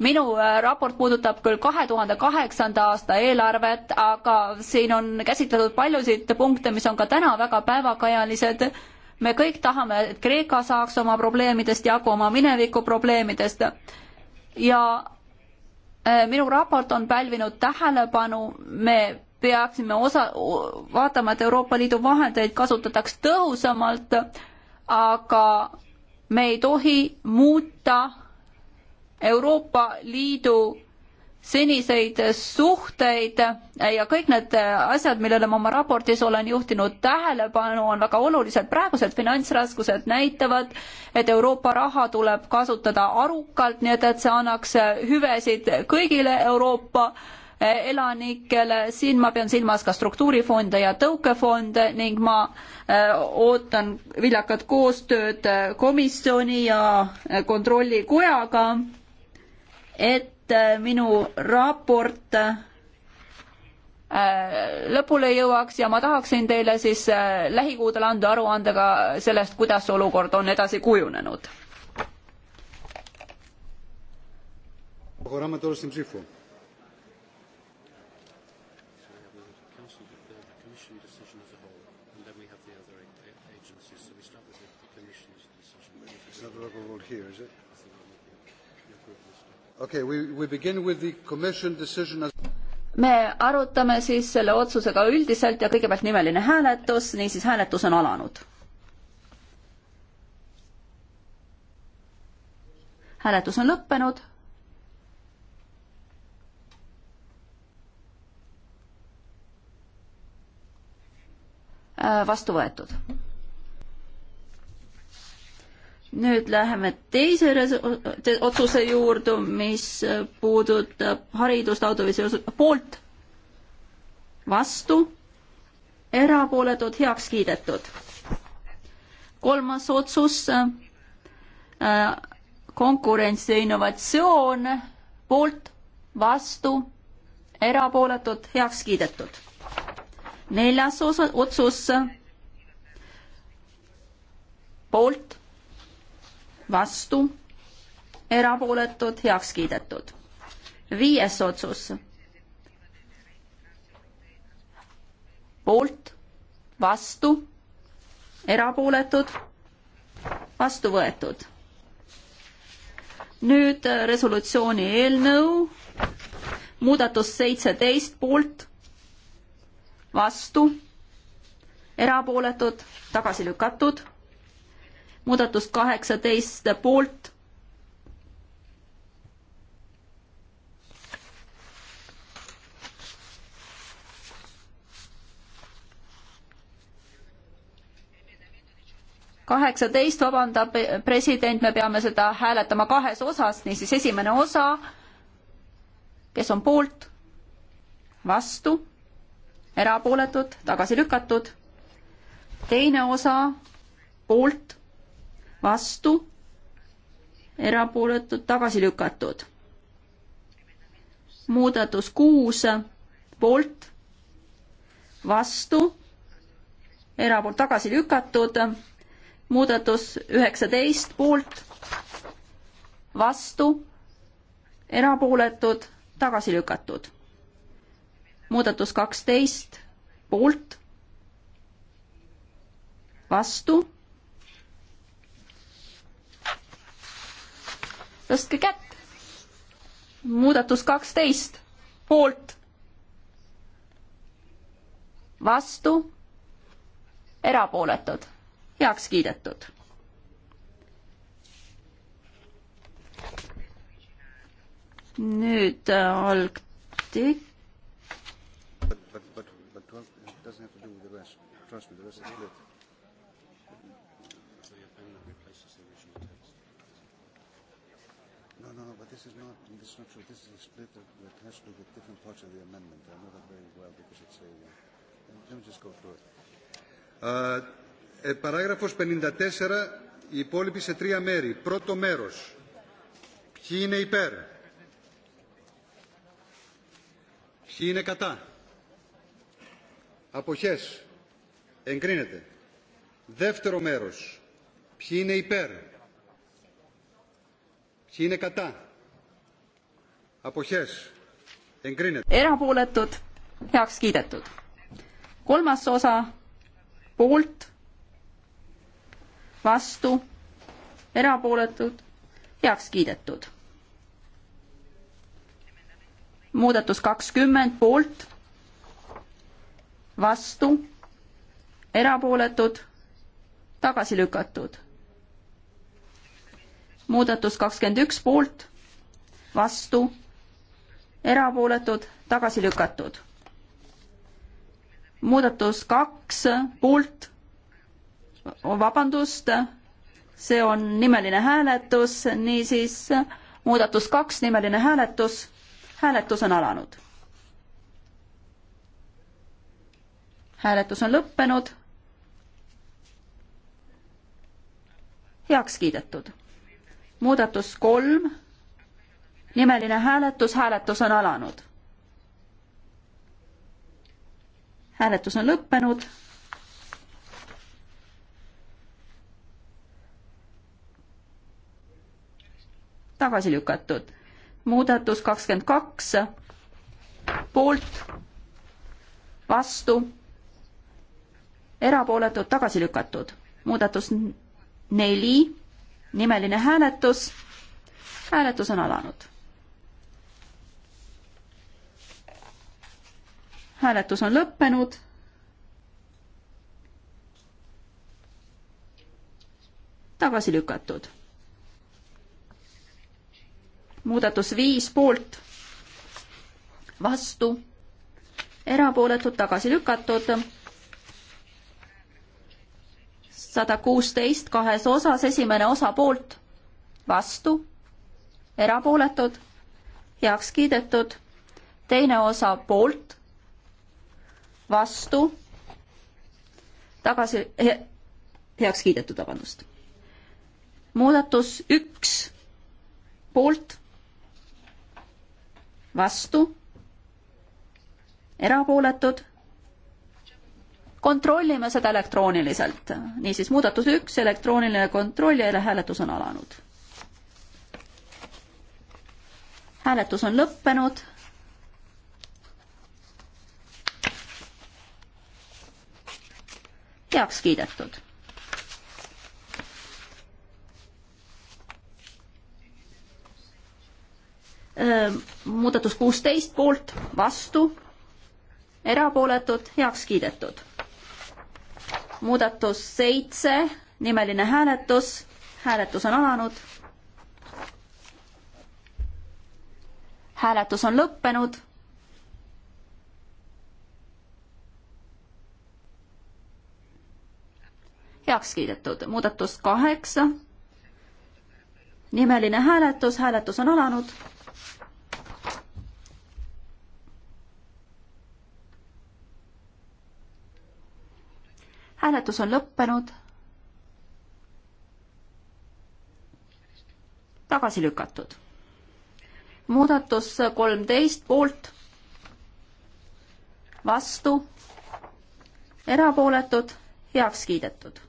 minu äh, raport puudutab küll kahe tuhande kaheksanda aasta eelarvet, aga siin on käsitletud paljusid punkte, mis on ka täna väga päevakajalised me kõik tahame, et Kreeka saaks oma probleemidest jagu, oma mineviku probleemidest ja äh, minu raport on pälvinud tähelepanu, me peaksime osa, vaatama, et Euroopa Liidu vahendeid kasutataks tõhusamalt, aga me ei tohi muuta Euroopa Liidu seniseid suhteid ja kõik need asjad, millele ma oma raportis olen juhtinud tähelepanu, on väga olulised. praegused finantsraskused näitavad, et Euroopa raha tuleb kasutada arukalt, nii et, et see annaks hüvesid kõigile Euroopa elanikele, siin ma pean silmas ka struktuurifonde ja tõukefonde ning ma äh, ootan viljakat koostööd komisjoni ja kontrollikojaga, et et äh, minu raport äh, lõpule jõuaks ja ma tahaksin teile siis äh, lähikuudel anda aruande ka sellest, kuidas olukord on edasi kujunenud. Okay, we, we begin with the commission decision as me arutame siis selle otsusega üldiselt ja kõigepealt nimeline hääletus, niisiis hääletus on alanud. hääletus on lõppenud. Äh, vastu võetud nüüd läheme teise te otsuse juurde, mis puudutab haridust audiovisuaalse poolt, vastu, erapooletud, heaks kiidetud. kolmas otsus äh,, konkurents ja innovatsioon, poolt, vastu, erapooletud, heaks kiidetud. neljas osa, otsus, poolt vastu, erapooletud, heaks kiidetud. viies otsus. poolt, vastu, erapooletud, vastu võetud. nüüd äh, resolutsiooni eelnõu, muudatus seitseteist poolt, vastu, erapooletud, tagasi lükatud muudatus kaheksateist poolt. kaheksateist, vabandab president, me peame seda hääletama kahes osas, niisiis esimene osa, kes on poolt, vastu, erapooletud, tagasi lükatud, teine osa poolt vastu, erapooletud, tagasi lükatud. muudatus kuus, poolt, vastu, erapoolt tagasi lükatud, muudatus üheksateist, poolt, vastu, erapooletud, tagasi lükatud. muudatus kaksteist, poolt, vastu tõstke kätt. muudatus kaksteist, poolt, vastu, erapooletud, heaks kiidetud. nüüd äh, algtik-. But, but, but, but doesn't have to do with the rest. Trust me, the rest is good. this is not this is not true. This is a split that, that has to do with different parts of the amendment. I know that very well because it's a. Uh, let me just go through it. Uh, ε, παράγραφος 54, η υπόλοιπη σε τρία μέρη. Πρώτο μέρος. Ποιοι είναι υπέρ. Ποιοι είναι κατά. Αποχές. Εγκρίνεται. Δεύτερο μέρος. Ποιοι είναι υπέρ. Ποιοι είναι κατά erapooletud, heaks kiidetud. kolmas osa poolt, vastu, erapooletud, heaks kiidetud. muudatus kakskümmend poolt, vastu, erapooletud, tagasi lükatud. muudatus kakskümmend üks poolt, vastu erapooletud, tagasi lükatud. muudatus kaks poolt, vabandust, see on nimeline hääletus, niisiis muudatus kaks, nimeline hääletus, hääletus on alanud. hääletus on lõppenud. heaks kiidetud. muudatus kolm nimeline hääletus, hääletus on alanud. hääletus on lõppenud. tagasi lükatud. muudatus kakskümmend kaks, poolt, vastu, erapooletud, tagasi lükatud. muudatus neli, nimeline hääletus, hääletus on alanud hääletus on lõppenud. tagasi lükatud. muudatus viis poolt, vastu, erapooletud, tagasi lükatud. sada kuusteist kahes osas, esimene osa poolt, vastu, erapooletud, heaks kiidetud, teine osa poolt vastu, tagasi he,, heaks kiidetud, vabandust. muudatus üks, poolt, vastu, erapooletud, kontrollime seda elektrooniliselt. niisiis, muudatus üks, elektrooniline kontroll ja hääletus on alanud. hääletus on lõppenud heaks kiidetud. muudatus kuusteist poolt, vastu, erapooletud, heaks kiidetud. muudatus seitse, nimeline hääletus, hääletus on alanud. hääletus on lõppenud heaks kiidetud. muudatus kaheksa, nimeline hääletus, hääletus on alanud. hääletus on lõppenud. tagasi lükatud. muudatus kolmteist poolt, vastu, erapooletud, heaks kiidetud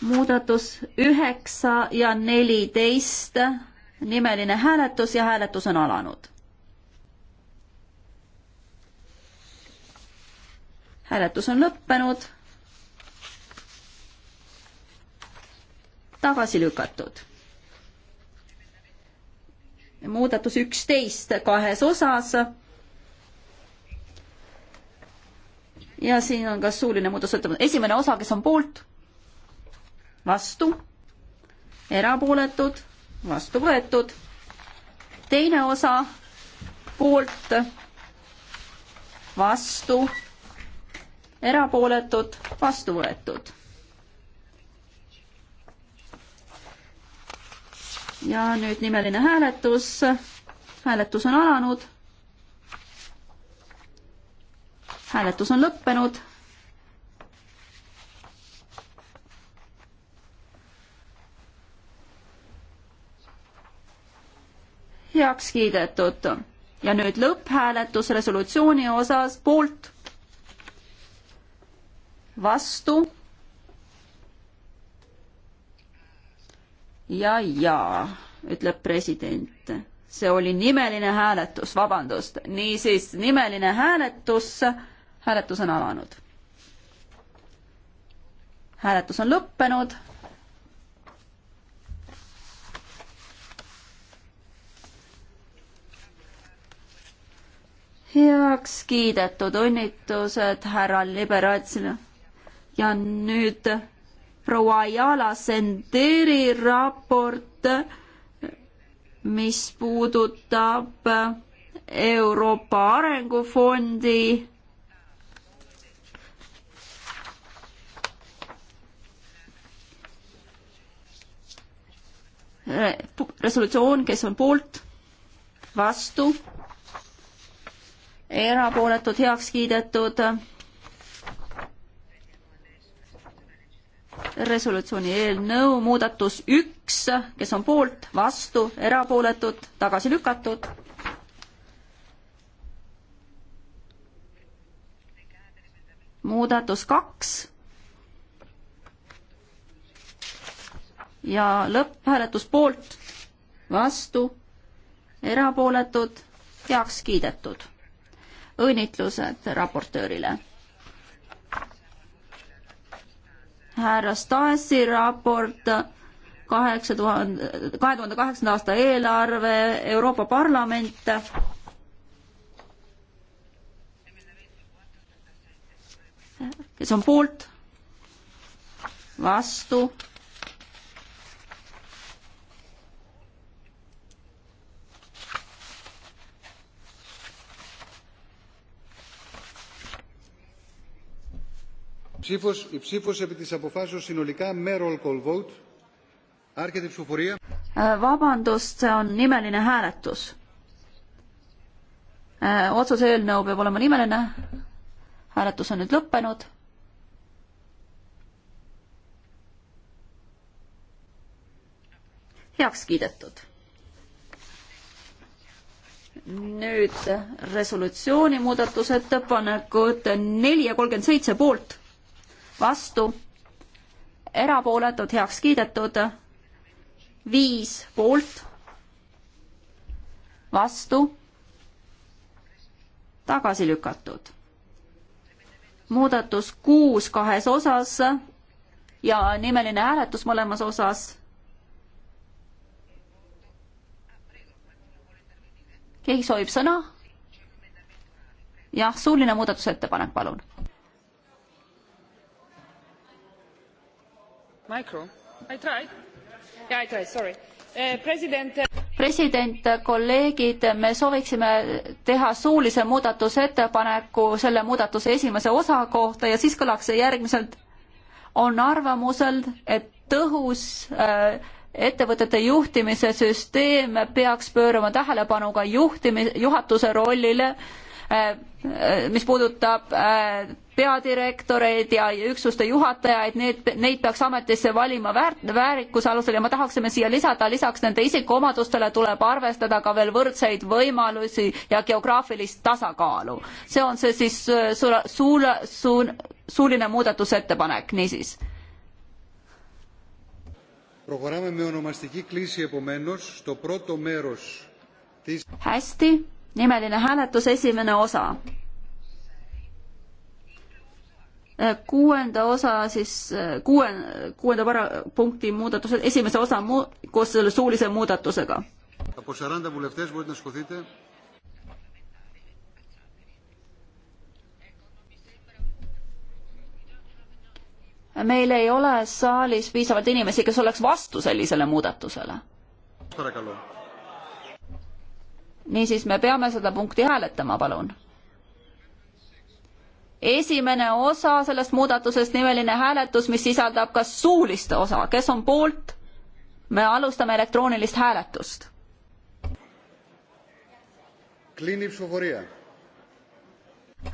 muudatus üheksa ja neliteist, nimeline hääletus ja hääletus on alanud. hääletus on lõppenud. tagasi lükatud. muudatus üksteist kahes osas ja siin on ka suuline muudatusettepanek, esimene osa, kes on poolt, vastu, erapooletud, vastu võetud. teine osa poolt, vastu, erapooletud, vastu võetud. ja nüüd nimeline hääletus. hääletus on alanud. hääletus on lõppenud heaks kiidetud. ja nüüd lõpphääletus resolutsiooni osas poolt, vastu ja, ja, ütleb president. see oli nimeline hääletus, vabandust, niisiis nimeline hääletus, hääletus on alanud. hääletus on lõppenud heaks kiidetud, õnnitlused härra Liberatsile. ja nüüd proua Ayala Senderi raport, mis puudutab Euroopa Arengufondi resolutsioon, kes on poolt, vastu erapooletud heaks kiidetud. resolutsiooni eelnõu muudatus üks, kes on poolt, vastu, erapooletud, tagasi lükatud. muudatus kaks ja lõpphääletus poolt, vastu, erapooletud, heaks kiidetud õnnitlused raportöörile. härra Stasi raport kaheksa tuhande, kahe tuhande kaheksanda aasta eelarve, Euroopa Parlament. kes on poolt? vastu ψήφος, η ψήφος επί της αποφάσεως συνολικά με roll call vote. Άρχεται η ψηφοφορία. Vabandust, see on nimeline hääletus. Otsuse eelnõu peab olema nimeline. Hääletus on nüüd lõppenud. heaks kiidetud. nüüd resolutsiooni muudatusettepanekud neli ja kolmkümmend seitse poolt, vastu, erapooletud, heaks kiidetud, viis poolt, vastu, tagasi lükatud. muudatus kuus kahes osas ja nimeline hääletus mõlemas osas. keegi soovib sõna? jah, suuline muudatusettepanek, palun Uh, president, uh, uh, kolleegid, me sooviksime teha suulise muudatusettepaneku selle muudatuse esimese osa kohta ja siis kõlaks see järgmiselt. on arvamusel, et tõhus äh, ettevõtete juhtimise süsteem peaks pöörama tähelepanu ka juhtimi-, juhatuse rollile äh, mis puudutab äh, peadirektoreid ja üksuste juhatajaid, need, neid peaks ametisse valima väärt-, väärikuse alusel ja me tahaksime siia lisada, lisaks nende isikuomadustele tuleb arvestada ka veel võrdseid võimalusi ja geograafilist tasakaalu. see on see siis äh, suula, suula, suun-, suuline muudatusettepanek, niisiis. hästi nimeline hääletus, esimene osa. Äh, kuuenda osa siis, äh, kuue, kuuenda parapunkti muudatused, esimese osa mu-, koos selle suulise muudatusega. meil ei ole saalis piisavalt inimesi, kes oleks vastu sellisele muudatusele niisiis, me peame seda punkti hääletama, palun. esimene osa sellest muudatusest, nimeline hääletus, mis sisaldab ka suulist osa, kes on poolt, me alustame elektroonilist hääletust.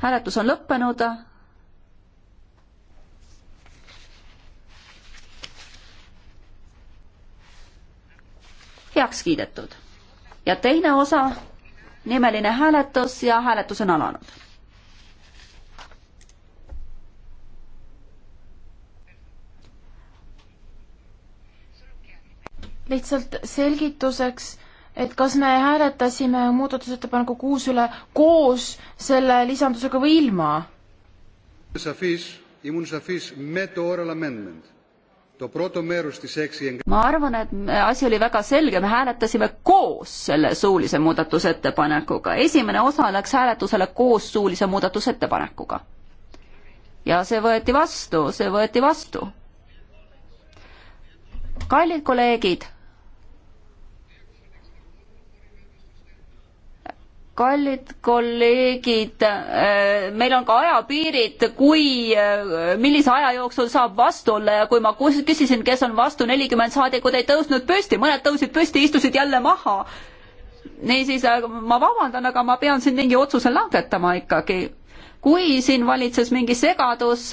hääletus on lõppenud heaks kiidetud ja teine osa, nimeline hääletus ja hääletus on alanud. lihtsalt selgituseks, et kas me hääletasime muudatusettepaneku kuus üle koos selle lisandusega või ilma? ma arvan, et asi oli väga selge, me hääletasime koos selle suulise muudatusettepanekuga, esimene osa läks hääletusele koos suulise muudatusettepanekuga. ja see võeti vastu, see võeti vastu. kallid kolleegid kallid kolleegid, äh, meil on ka ajapiirid, kui, äh, millise aja jooksul saab vastu olla ja kui ma küsisin, kes on vastu, nelikümmend saadikut ei tõusnud püsti, mõned tõusid püsti, istusid jälle maha. niisiis, äh, ma vabandan, aga ma pean siin mingi otsuse langetama ikkagi. kui siin valitses mingi segadus,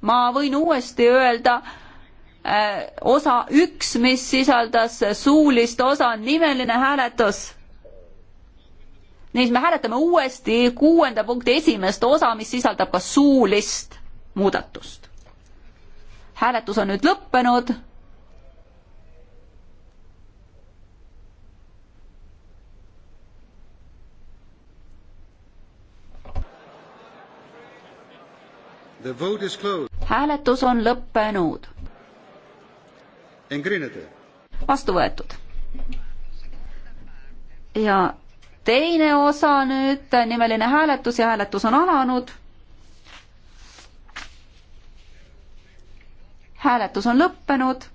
ma võin uuesti öelda, osa üks, mis sisaldas suulist osa, nimeline hääletus Neis me hääletame uuesti kuuenda punkti esimest osa, mis sisaldab ka suulist muudatust. hääletus on nüüd lõppenud. hääletus on lõppenud. vastu võetud. ja teine osa nüüd, nimeline hääletus ja hääletus on alanud. hääletus on lõppenud.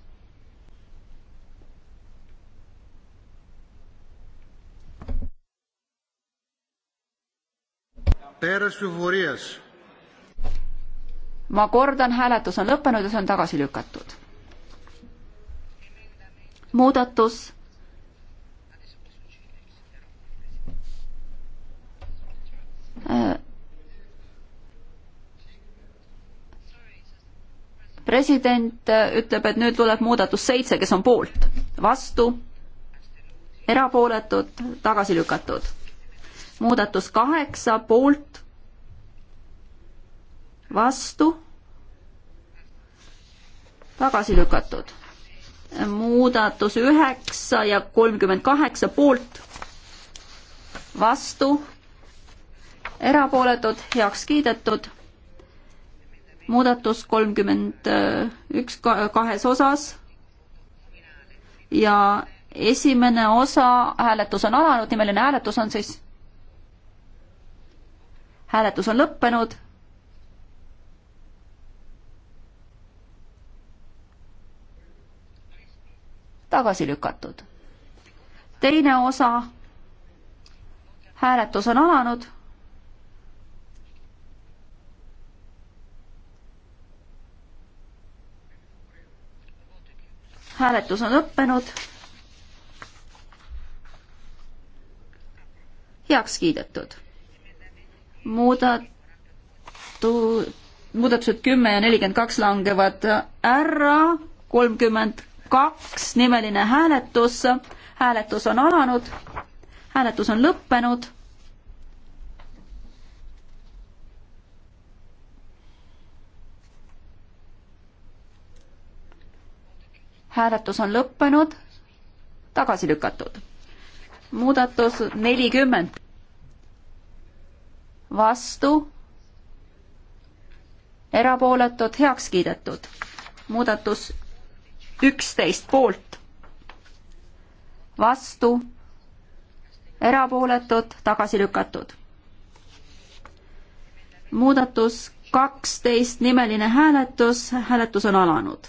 ma kordan, hääletus on lõppenud ja see on tagasi lükatud. muudatus Äh, president äh, ütleb, et nüüd tuleb muudatus seitse, kes on poolt, vastu, erapooletud, tagasi lükatud. muudatus kaheksa, poolt, vastu, tagasi lükatud. muudatus üheksa ja kolmkümmend kaheksa, poolt, vastu, erapooletud, heaks kiidetud. muudatus kolmkümmend üks kahes osas ja esimene osa, hääletus on alanud, nimeline hääletus on siis, hääletus on lõppenud tagasi lükatud. teine osa, hääletus on alanud hääletus on lõppenud. heaks kiidetud. muudatu-, muudatused kümme ja nelikümmend kaks langevad ära, kolmkümmend kaks nimeline hääletus, hääletus on alanud, hääletus on lõppenud hääletus on lõppenud, tagasi lükatud. muudatus nelikümmend. vastu, erapooletud, heaks kiidetud. muudatus üksteist poolt, vastu, erapooletud, tagasi lükatud. muudatus kaksteist nimeline hääletus, hääletus on alanud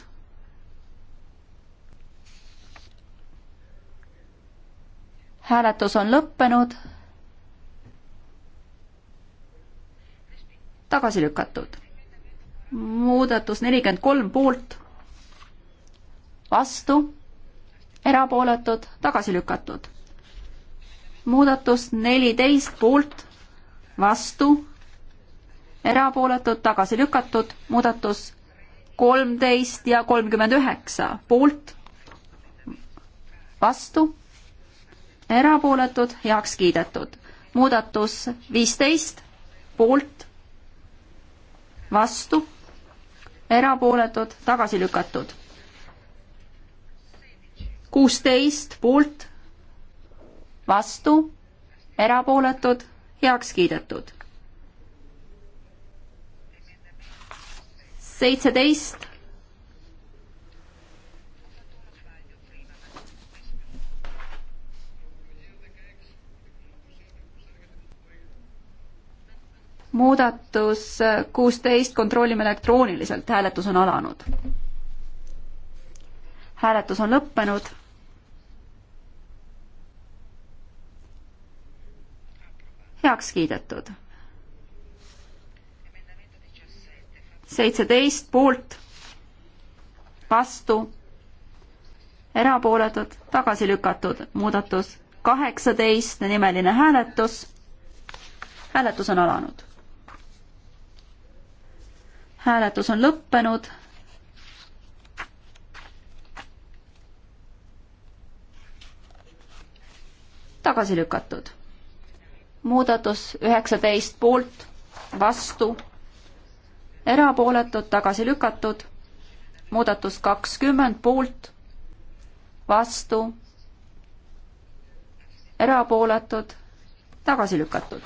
hääletus on lõppenud. tagasi lükatud. muudatus nelikümmend kolm poolt, vastu, erapooletud, tagasi lükatud. muudatus neliteist poolt, vastu, erapooletud, tagasi lükatud, muudatus kolmteist ja kolmkümmend üheksa poolt, vastu erapooletud, heaks kiidetud. muudatus viisteist, poolt, vastu, erapooletud, tagasi lükatud. kuusteist, poolt, vastu, erapooletud, heaks kiidetud. seitseteist muudatus kuusteist, kontrollime elektrooniliselt, hääletus on alanud. hääletus on lõppenud. heaks kiidetud. seitseteist poolt, vastu, erapooletud, tagasi lükatud muudatus, kaheksateist nimeline hääletus. hääletus on alanud hääletus on lõppenud. tagasi lükatud. muudatus üheksateist poolt, vastu, erapooletud, tagasi lükatud. muudatus kakskümmend poolt, vastu, erapooletud, tagasi lükatud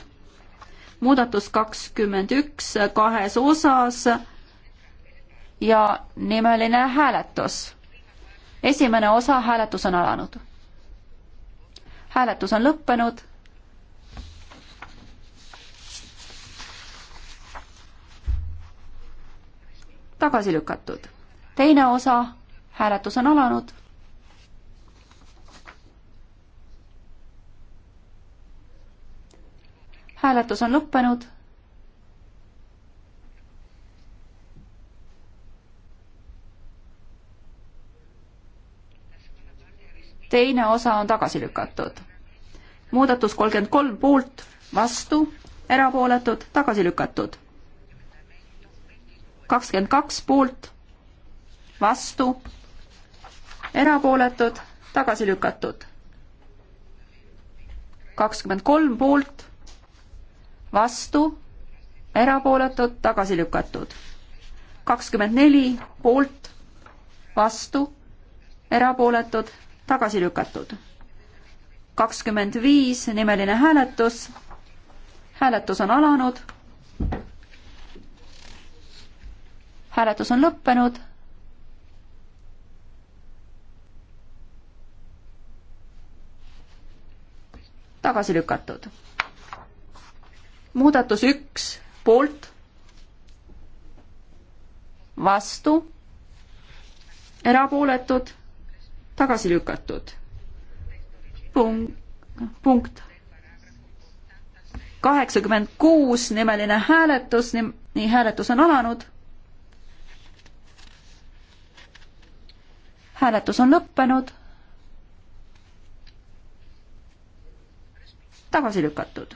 muudatus kakskümmend üks kahes osas ja nimeline hääletus. esimene osa, hääletus on alanud. hääletus on lõppenud. tagasi lükatud. teine osa, hääletus on alanud hääletus on lõppenud. teine osa on tagasi lükatud. muudatus kolmkümmend kolm poolt, vastu, erapooletud, tagasi lükatud. kakskümmend kaks poolt, vastu, erapooletud, tagasi lükatud. kakskümmend kolm poolt vastu, erapooletud, tagasi lükatud. kakskümmend neli poolt, vastu, erapooletud, tagasi lükatud. kakskümmend viis nimeline hääletus. hääletus on alanud. hääletus on lõppenud tagasi lükatud muudatus üks poolt, vastu, erapooletud, tagasi lükatud. punkt, punkt kaheksakümmend kuus nimeline hääletus, nii hääletus on alanud. hääletus on lõppenud. tagasi lükatud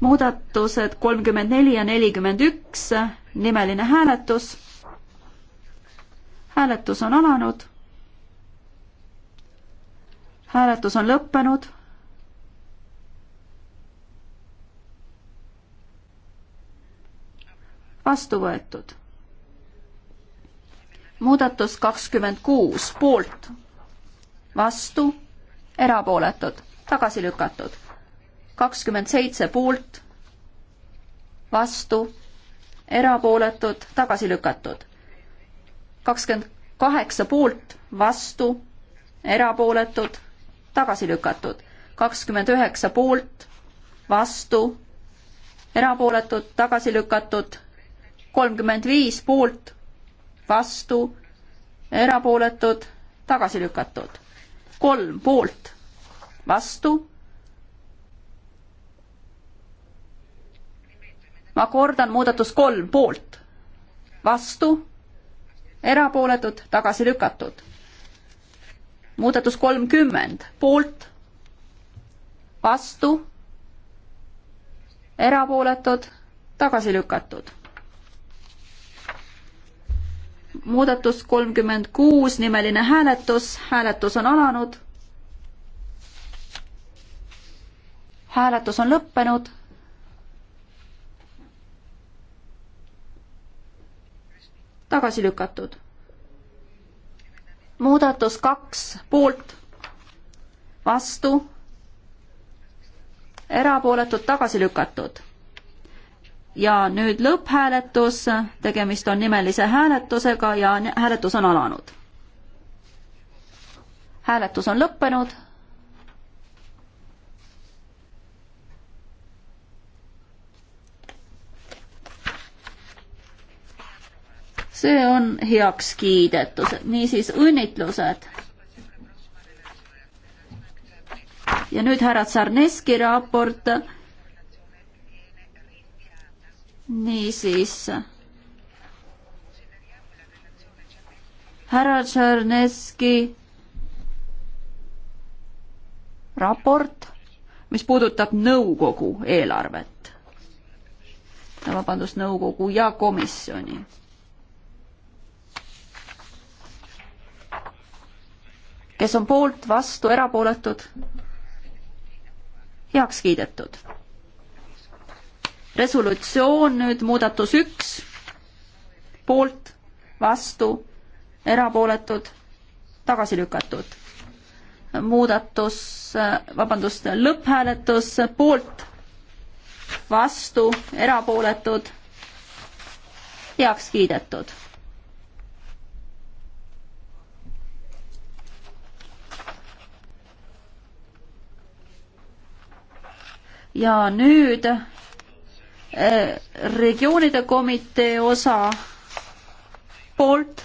muudatused kolmkümmend neli ja nelikümmend üks, nimeline hääletus. hääletus on alanud. hääletus on lõppenud. vastu võetud. muudatus kakskümmend kuus, poolt, vastu, erapooletud, tagasi lükatud kakskümmend seitse poolt, vastu, erapooletud, tagasi lükatud. kakskümmend kaheksa poolt, vastu, erapooletud, tagasi lükatud. kakskümmend üheksa poolt, vastu, erapooletud, tagasi lükatud. kolmkümmend viis poolt, vastu, erapooletud, tagasi lükatud. kolm poolt, vastu ma kordan, muudatus kolm poolt, vastu, erapooletud, tagasi lükatud. muudatus kolmkümmend poolt, vastu, erapooletud, tagasi lükatud. muudatus kolmkümmend kuus, nimeline hääletus, hääletus on alanud. hääletus on lõppenud tagasi lükatud. muudatus kaks poolt, vastu, erapooletud, tagasi lükatud. ja nüüd lõpphääletus, tegemist on nimelise hääletusega ja hääletus on alanud. hääletus on lõppenud see on heaks kiidetud, niisiis õnnitlused. ja nüüd härra Tsarneski raport. niisiis. härra Tsarneski raport, mis puudutab nõukogu eelarvet. vabandust, nõukogu ja komisjoni kes on poolt, vastu, erapooletud, heaks kiidetud. resolutsioon nüüd muudatus üks, poolt, vastu, erapooletud, tagasi lükatud. muudatus, vabandust, lõpphääletus poolt, vastu, erapooletud, heaks kiidetud ja nüüd eh, regioonide komitee osa poolt,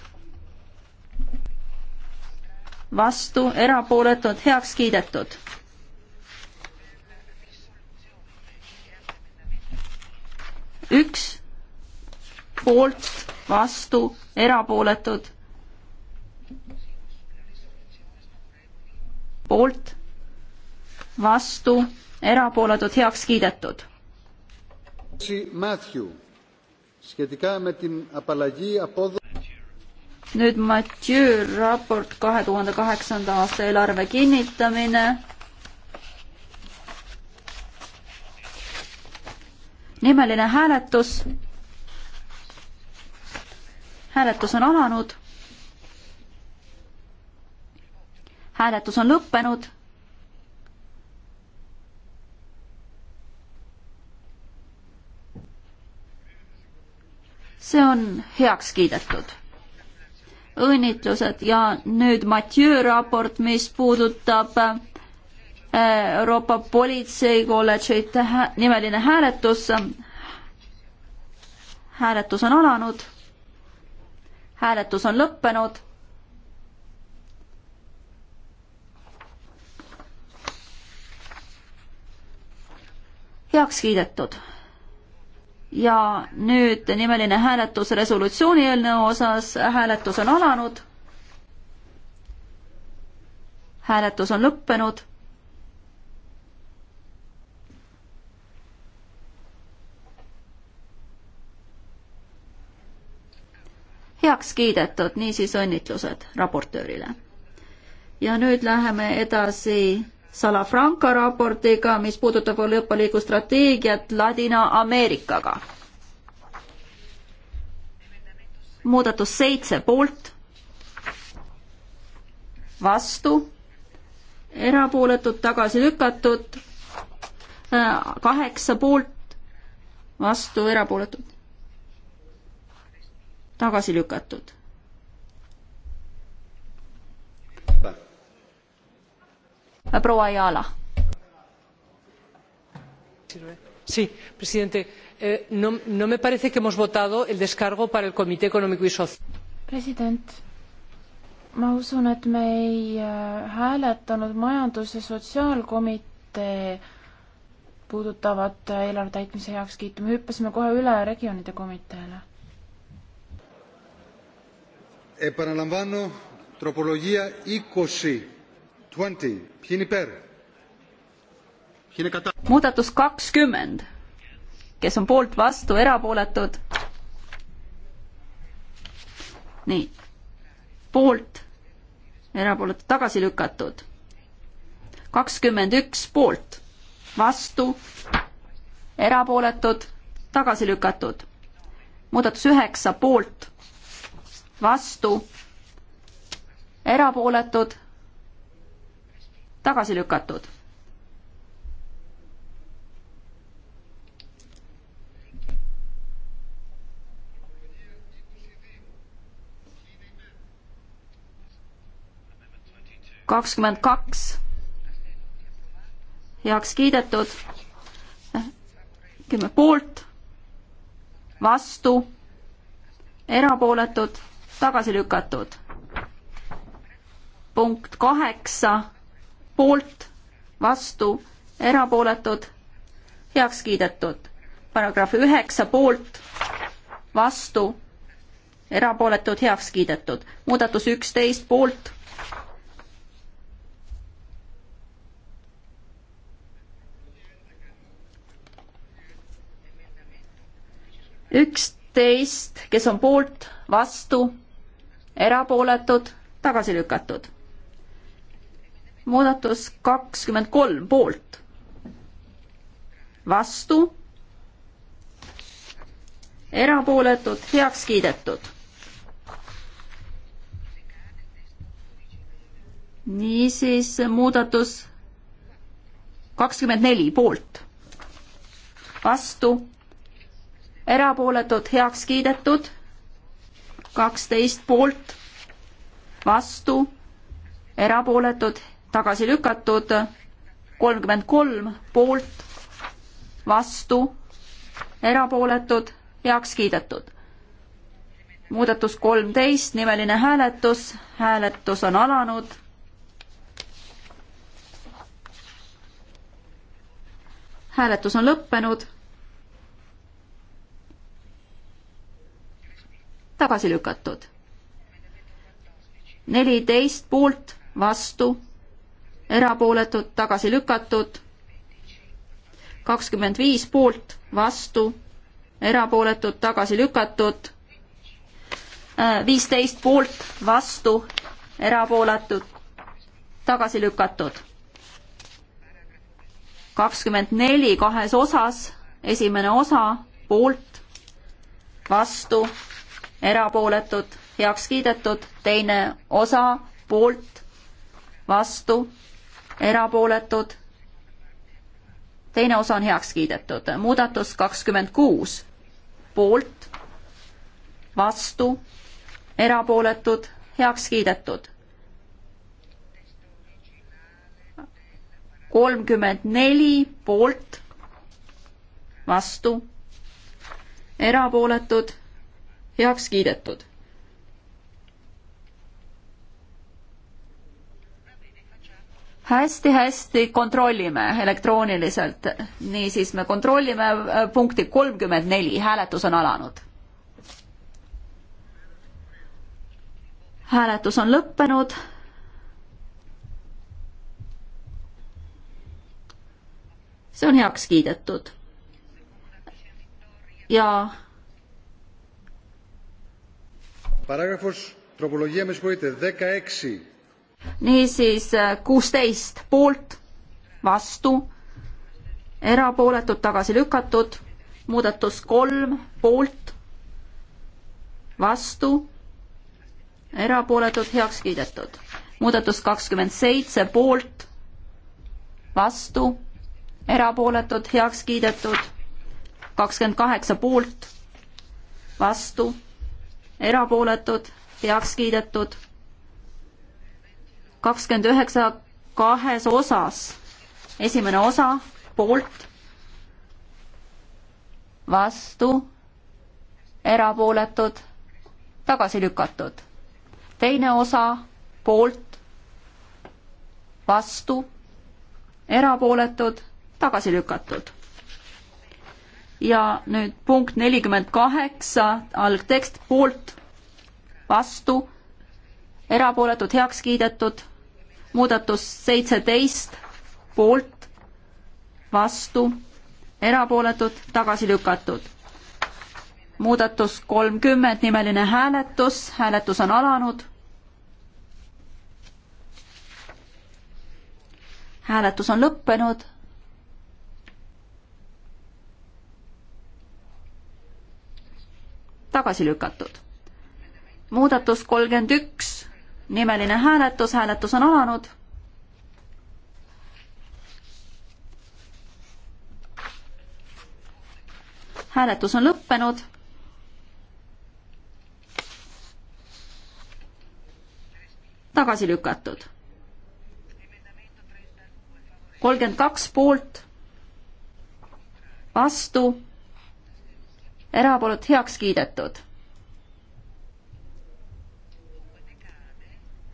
vastu, erapooletud, heaks kiidetud. üks poolt, vastu, erapooletud. poolt, vastu erapooletud heaks kiidetud. nüüd Mathieu raport kahe tuhande kaheksanda aasta eelarve kinnitamine. nimeline hääletus. hääletus on alanud hääletus on lõppenud see on heaks kiidetud. õnnitlused ja nüüd Mathieu raport, mis puudutab äh, Euroopa politseikolledži nimeline hääletus. hääletus on alanud. hääletus on lõppenud. heaks kiidetud ja nüüd nimeline hääletus resolutsiooni eelnõu osas, hääletus on alanud. hääletus on lõppenud. heaks kiidetud, niisiis õnnitlused raportöörile. ja nüüd läheme edasi Salafranca raportiga, mis puudutab Euroopa Liidu strateegiat Ladina-Ameerikaga. muudatus seitse poolt, vastu, erapooletud, tagasi lükatud, kaheksa poolt, vastu, erapooletud, tagasi lükatud proua Ayala. Sí, presidente, eh, no, no me parece que hemos votado el descargo para el Comité Económico y Social. President, ma usun, et me ei äh, hääletanud majandus- ja sotsiaalkomitee puudutavat äh, eelarve täitmise heakskiitu, me hüppasime kohe üle regioonide komiteele. Επαναλαμβάνω, τροπολογία 20 muudatus kakskümmend, kes on poolt, vastu, erapooletud. nii, poolt, erapooletud, tagasi lükatud. kakskümmend üks poolt, vastu, erapooletud, tagasi lükatud. muudatus üheksa poolt, vastu, erapooletud tagasi lükatud. kakskümmend kaks heaks kiidetud, kümme poolt, vastu, erapooletud, tagasi lükatud. punkt kaheksa poolt, vastu, erapooletud, heaks kiidetud. paragrahv üheksa poolt, vastu, erapooletud, heaks kiidetud. muudatus üksteist poolt, üksteist, kes on poolt, vastu, erapooletud, tagasi lükatud muudatus kakskümmend kolm poolt, vastu, erapooletud, heaks kiidetud. niisiis muudatus kakskümmend neli poolt, vastu, erapooletud, heaks kiidetud, kaksteist poolt, vastu, erapooletud, tagasi lükatud, kolmkümmend kolm poolt, vastu, erapooletud, heaks kiidetud. muudatus kolmteist, nimeline hääletus, hääletus on alanud. hääletus on lõppenud. tagasi lükatud. neliteist poolt, vastu erapooletud, tagasi lükatud, kakskümmend viis poolt, vastu, erapooletud, tagasi lükatud, viisteist poolt, vastu, erapooletud, tagasi lükatud. kakskümmend neli kahes osas, esimene osa, poolt, vastu, erapooletud, heaks kiidetud, teine osa, poolt, vastu, erapooletud, teine osa on heaks kiidetud. muudatus kakskümmend kuus, poolt, vastu, erapooletud, heaks kiidetud. kolmkümmend neli poolt, vastu, erapooletud, heaks kiidetud hästi-hästi kontrollime elektrooniliselt. niisiis, me kontrollime äh, punkti kolmkümmend neli, hääletus on alanud. hääletus on lõppenud. see on heaks kiidetud. ja. paragrahvus, tropoloogia, mis võeti, DKX-i niisiis äh, kuusteist poolt, vastu, erapooletud, tagasi lükatud, muudatus kolm poolt, vastu, erapooletud, heaks kiidetud. muudatus kakskümmend seitse poolt, vastu, erapooletud, heaks kiidetud, kakskümmend kaheksa poolt, vastu, erapooletud, heaks kiidetud kakskümmend üheksa kahes osas. esimene osa poolt, vastu, erapooletud, tagasi lükatud. teine osa poolt, vastu, erapooletud, tagasi lükatud. ja nüüd punkt nelikümmend kaheksa, algtekst poolt, vastu, erapooletud, heaks kiidetud muudatus seitseteist poolt, vastu, erapooletud, tagasi lükatud. muudatus kolmkümmend, nimeline hääletus, hääletus on alanud. hääletus on lõppenud. tagasi lükatud. muudatus kolmkümmend üks nimeline hääletus, hääletus on alanud. hääletus on lõppenud. tagasi lükatud. kolmkümmend kaks poolt, vastu, erapoolt heaks kiidetud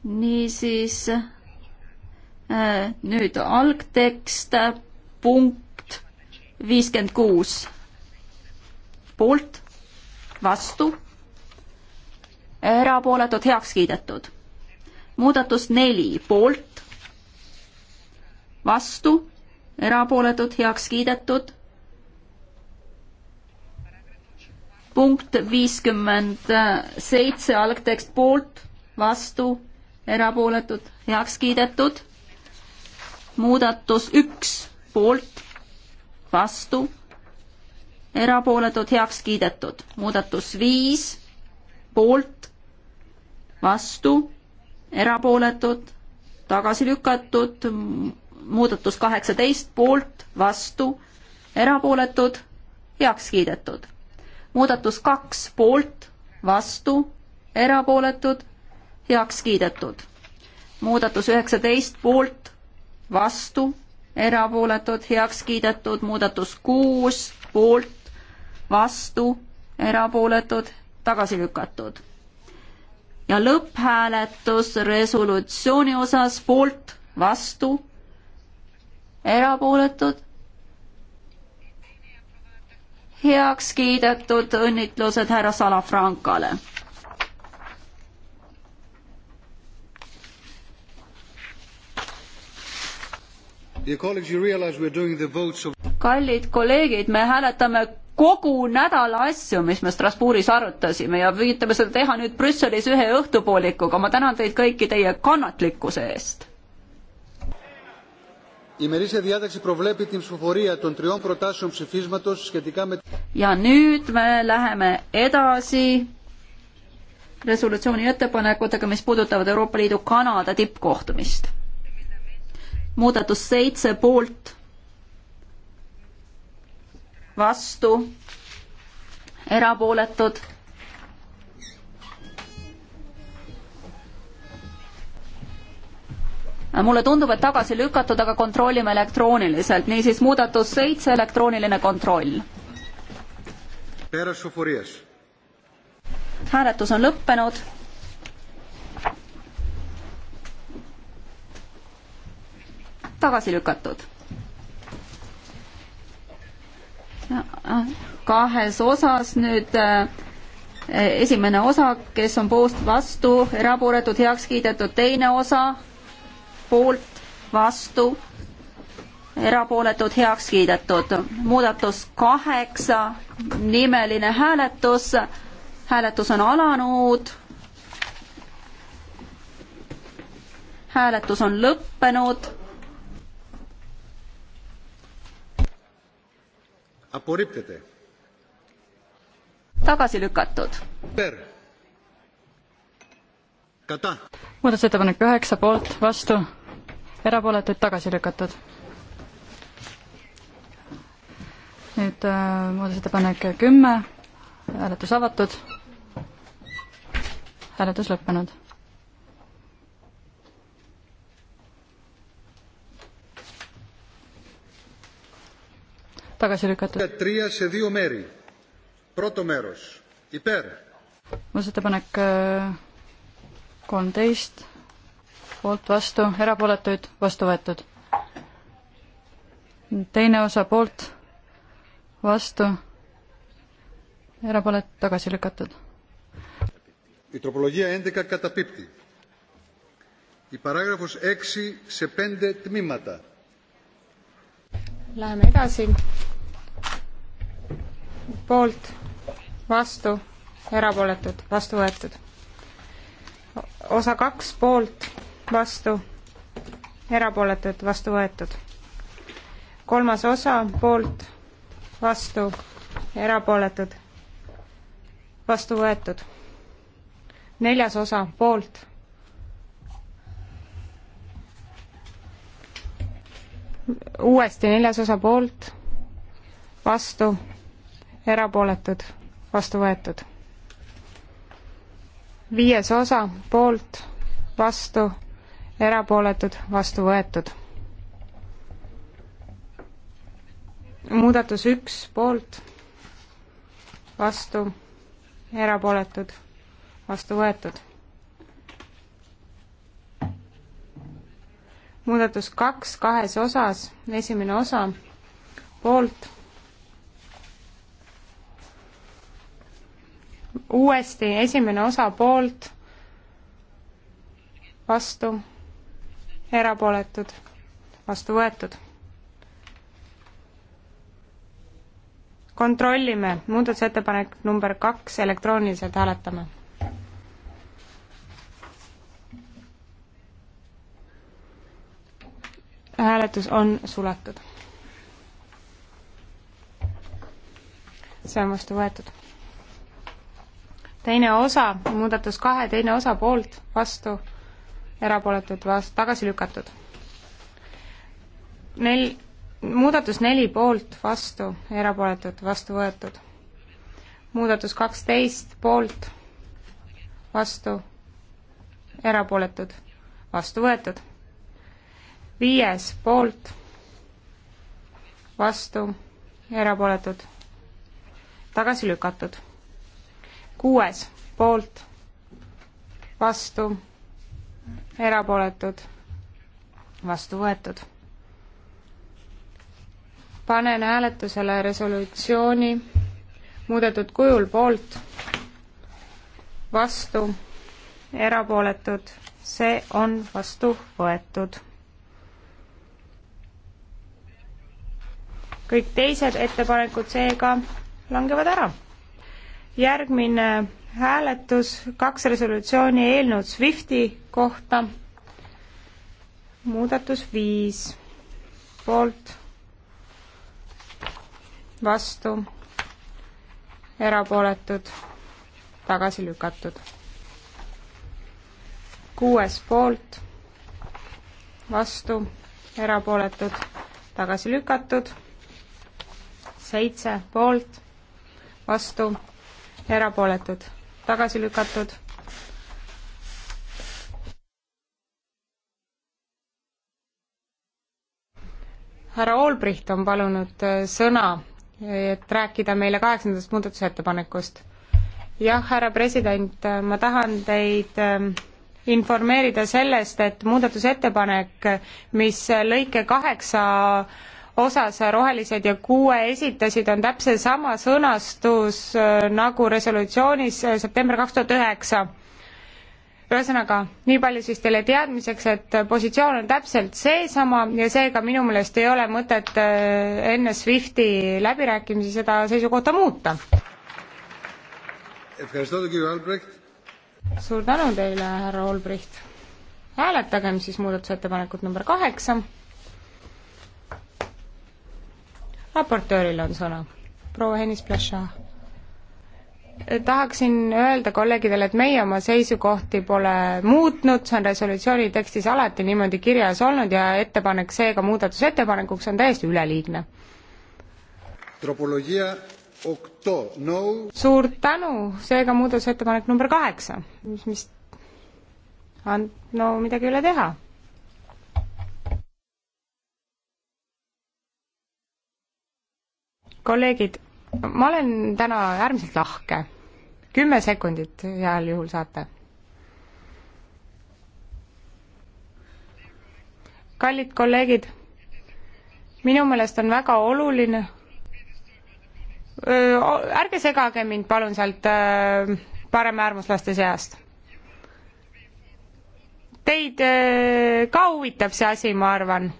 niisiis äh, nüüd algtekst, punkt viiskümmend kuus. poolt, vastu, erapooletud, heaks kiidetud. muudatus neli, poolt, vastu, erapooletud, heaks kiidetud. punkt viiskümmend seitse, algtekst poolt, vastu erapooletud, heaks kiidetud. muudatus üks, poolt, vastu, erapooletud, heaks kiidetud. muudatus viis, poolt, vastu, erapooletud, tagasi lükatud. muudatus kaheksateist, poolt, vastu, erapooletud, heaks kiidetud. muudatus kaks, poolt, vastu, erapooletud, heaks kiidetud. muudatus üheksateist poolt, vastu, erapooletud, heaks kiidetud, muudatus kuus poolt, vastu, erapooletud, tagasi lükatud. ja lõpphääletus resolutsiooni osas poolt, vastu, erapooletud, heaks kiidetud õnnitlused härra Salafrankale kallid kolleegid, me hääletame kogu nädala asju, mis me Strasbourgis arutasime ja püüame seda teha nüüd Brüsselis ühe õhtupoolikuga. ma tänan teid kõiki teie kannatlikkuse eest. ja nüüd me läheme edasi resolutsiooni ettepanekutega, mis puudutavad Euroopa Liidu Kanada tippkohtumist muudatus seitse poolt, vastu, erapooletud. mulle tundub, et tagasi lükatud, aga kontrollime elektrooniliselt, niisiis muudatus seitse, elektrooniline kontroll. hääletus on lõppenud tagasi lükatud. kahes osas nüüd eh, esimene osa, kes on poolt vastu, erapooletud, heaks kiidetud, teine osa poolt, vastu, erapooletud, heaks kiidetud. muudatus kaheksa, nimeline hääletus, hääletus on alanud hääletus on lõppenud. απορρίπτεται tagasi lükatud muudatusettepanek üheksa poolt vastu erapooletuid tagasi lükatud nüüd äh, muudatusettepanek kümme hääletus avatud hääletus lõppenud tagasi lükatud. muudatusettepanek äh, kolmteist, poolt, vastu, erapooletuid, vastu võetud. teine osa poolt, vastu, erapooletud, tagasi lükatud. Η παράγραφος 6 σε 5 τμήματα. Läheme edasi poolt, vastu, erapooletud, vastu võetud. osa kaks poolt, vastu, erapooletud, vastu võetud. kolmas osa poolt, vastu, erapooletud, vastu võetud. neljas osa poolt. uuesti neljas osa poolt, vastu erapooletud, vastu võetud. viies osa poolt, vastu, erapooletud, vastu võetud. muudatus üks poolt, vastu, erapooletud, vastu võetud muudatus kaks kahes osas, esimene osa poolt, uuesti esimene osa poolt, vastu, erapooletud, vastu võetud. kontrollime, muudatusettepanek number kaks, elektrooniliselt hääletame. hääletus on suletud. see on vastu võetud teine osa, muudatus kahe teine osa poolt, vastu, erapooletud, vastu, tagasi lükatud. Nel-, muudatus neli poolt, vastu, erapooletud, vastu võetud. muudatus kaksteist poolt, vastu, erapooletud, vastu võetud. viies poolt, vastu, erapooletud, tagasi lükatud kuues poolt, vastu, erapooletud, vastu võetud. panen hääletusele resolutsiooni muudetud kujul poolt, vastu, erapooletud, see on vastu võetud. kõik teised ettepanekud seega langevad ära järgmine hääletus, kaks resolutsiooni eelnõud SWIFTi kohta. muudatus viis, poolt, vastu, erapooletud, tagasi lükatud. kuues poolt, vastu, erapooletud, tagasi lükatud. seitse poolt, vastu erapooletud, tagasi lükatud. härra Olbricht on palunud äh, sõna, et rääkida meile kaheksandast muudatusettepanekust. jah, härra president, äh, ma tahan teid ähm, informeerida sellest, et muudatusettepanek, äh, mis lõike kaheksa 8 osas Rohelised ja Kuue esitasid, on täpselt sama sõnastus äh, nagu resolutsioonis äh, september kaks tuhat üheksa. ühesõnaga, nii palju siis teile teadmiseks, et positsioon on täpselt seesama ja seega minu meelest ei ole mõtet äh, enne SWIFTi läbirääkimisi seda seisukohta muuta. suur tänu teile, härra Olbricht. hääletagem siis muudatusettepanekut number kaheksa raportööril on sõna. proua Hennis Plaša. tahaksin öelda kolleegidele, et meie oma seisukohti pole muutnud, see on resolutsiooni tekstis alati niimoodi kirjas olnud ja ettepanek seega muudatusettepanekuks on täiesti üleliigne. No. suur tänu, seega muudatusettepanek number kaheksa, mis, mis, no midagi ei ole teha kolleegid, ma olen täna äärmiselt lahke. kümme sekundit heal juhul saate. kallid kolleegid, minu meelest on väga oluline ärge segage mind palun sealt paremäärmuslaste seast. Teid ka huvitab see asi, ma arvan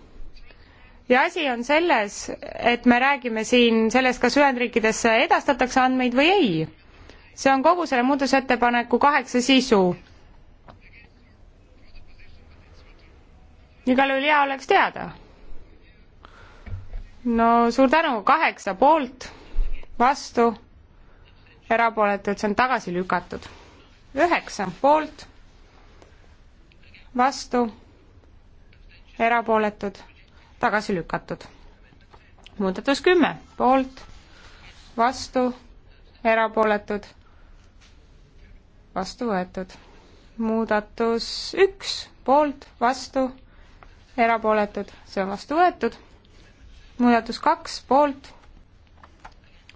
ja asi on selles, et me räägime siin sellest, kas Ühendriikidesse edastatakse andmeid või ei. see on kogu selle muudatusettepaneku kaheksa sisu. igal juhul hea oleks teada. no suur tänu, kaheksa poolt, vastu, erapooletud, see on tagasi lükatud. üheksa poolt, vastu, erapooletud tagasi lükatud. muudatus kümme, poolt, vastu, erapooletud, vastu võetud. muudatus üks, poolt, vastu, erapooletud, see on vastu võetud. muudatus kaks, poolt,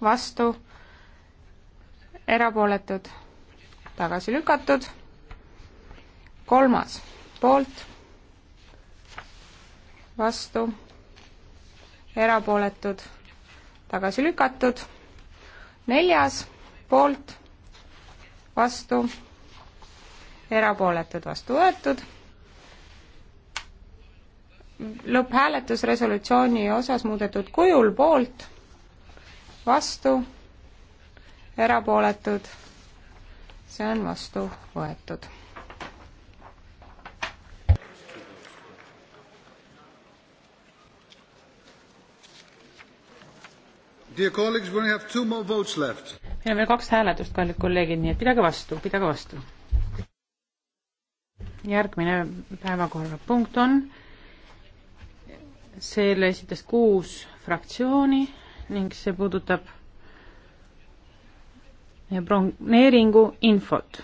vastu, erapooletud, tagasi lükatud. kolmas, poolt vastu, erapooletud, tagasi lükatud. neljas poolt, vastu, erapooletud, vastu võetud. lõpphääletus resolutsiooni osas muudetud kujul poolt, vastu, erapooletud, see on vastu võetud meil on veel kaks hääletust, kallid kolleegid, nii et pidage vastu, pidage vastu. järgmine päevakorrapunkt on, selle esitas kuus fraktsiooni ning see puudutab broneeringu infot.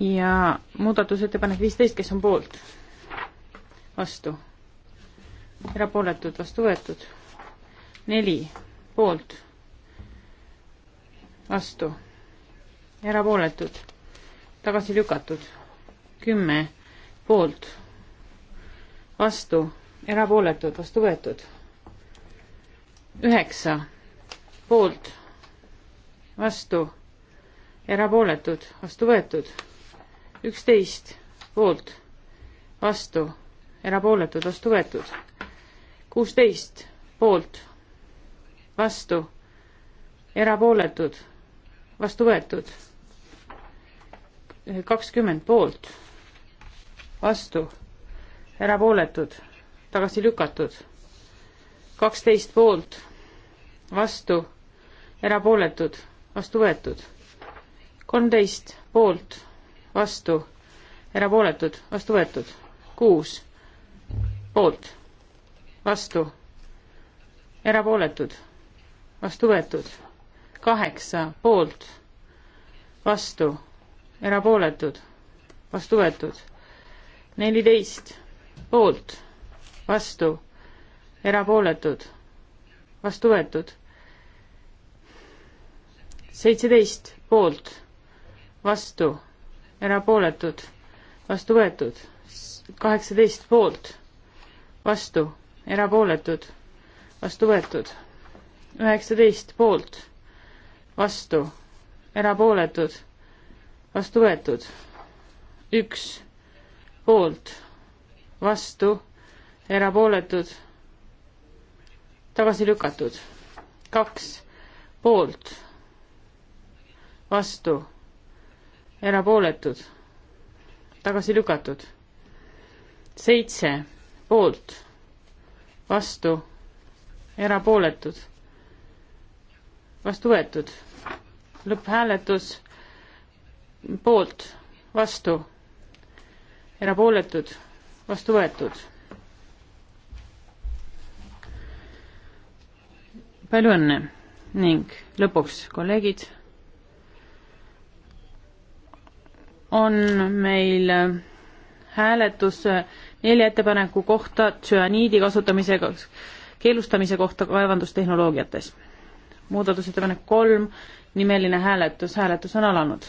ja muudatusettepanek viisteist, kes on poolt? vastu? erapooletud, vastu võetud neli poolt, vastu, erapooletud, tagasi lükatud, kümme poolt, vastu, erapooletud, vastu võetud, üheksa poolt, vastu, erapooletud, vastu võetud, üksteist poolt, vastu, erapooletud, vastu võetud, kuusteist poolt vastu, erapooletud, vastu võetud, kakskümmend poolt, vastu, erapooletud, tagasi lükatud, kaksteist poolt, vastu, erapooletud, vastu võetud, kolmteist poolt, vastu, erapooletud, vastu võetud, kuus poolt, vastu, erapooletud vastu võetud. kaheksa poolt, vastu, erapooletud, vastu võetud. neliteist poolt, vastu, erapooletud, vastu võetud. seitseteist poolt, vastu, erapooletud, vastu võetud. kaheksateist poolt, vastu, erapooletud, vastu võetud üheksateist poolt, vastu, erapooletud, vastu võetud, üks poolt, vastu, erapooletud, tagasi lükatud, kaks poolt, vastu, erapooletud, tagasi lükatud, seitse poolt, vastu, erapooletud vastu võetud. lõpphääletus poolt, vastu, erapooletud, vastu võetud. palju õnne ning lõpuks, kolleegid, on meil hääletus nelja ettepaneku kohta tsüaniidi kasutamise, keelustamise kohta kaevandustehnoloogiates muudatusettepanek kolm, nimeline hääletus, hääletus on alanud.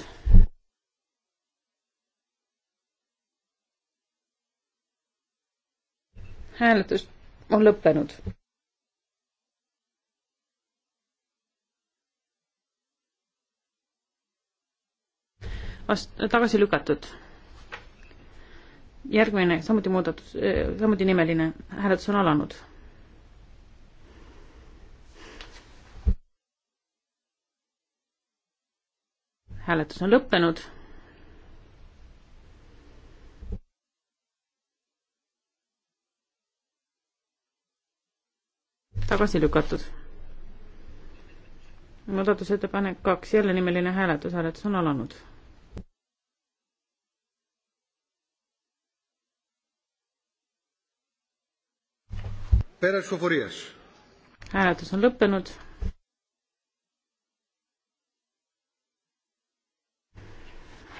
hääletus on lõppenud. vast-, tagasi lükatud. järgmine, samuti muudatus, samuti nimeline hääletus on alanud hääletus on lõppenud. tagasi lükatud. muudatusettepanek kaks, jälle nimeline hääletus, hääletus on alanud hääletus on lõppenud.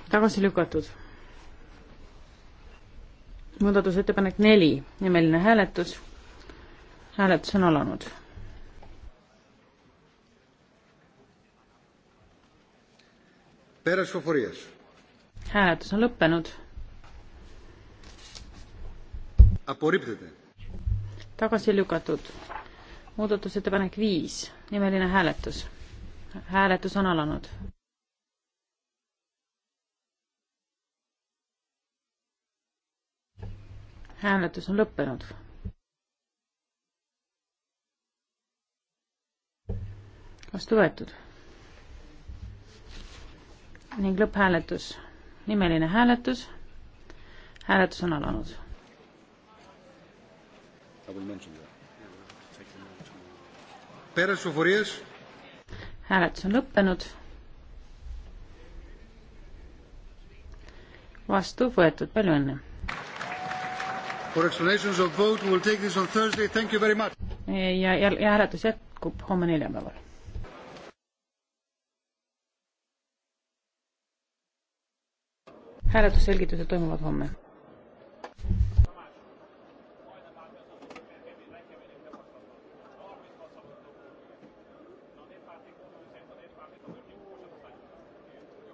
tagasi lükatud. muudatusettepanek neli, nimeline hääletus. hääletus on alanud. hääletus on lõppenud. tagasi lükatud. muudatusettepanek viis, nimeline hääletus. hääletus on alanud. hääletus on lõppenud. vastu võetud. ning lõpphääletus, nimeline hääletus. hääletus on alanud. hääletus on lõppenud. vastu võetud, palju õnne For explanations of vote we will take this on Thursday, thank you very much. ja, ja, ja hääletus jätkub homme neljapäeval. hääletusselgitused toimuvad homme.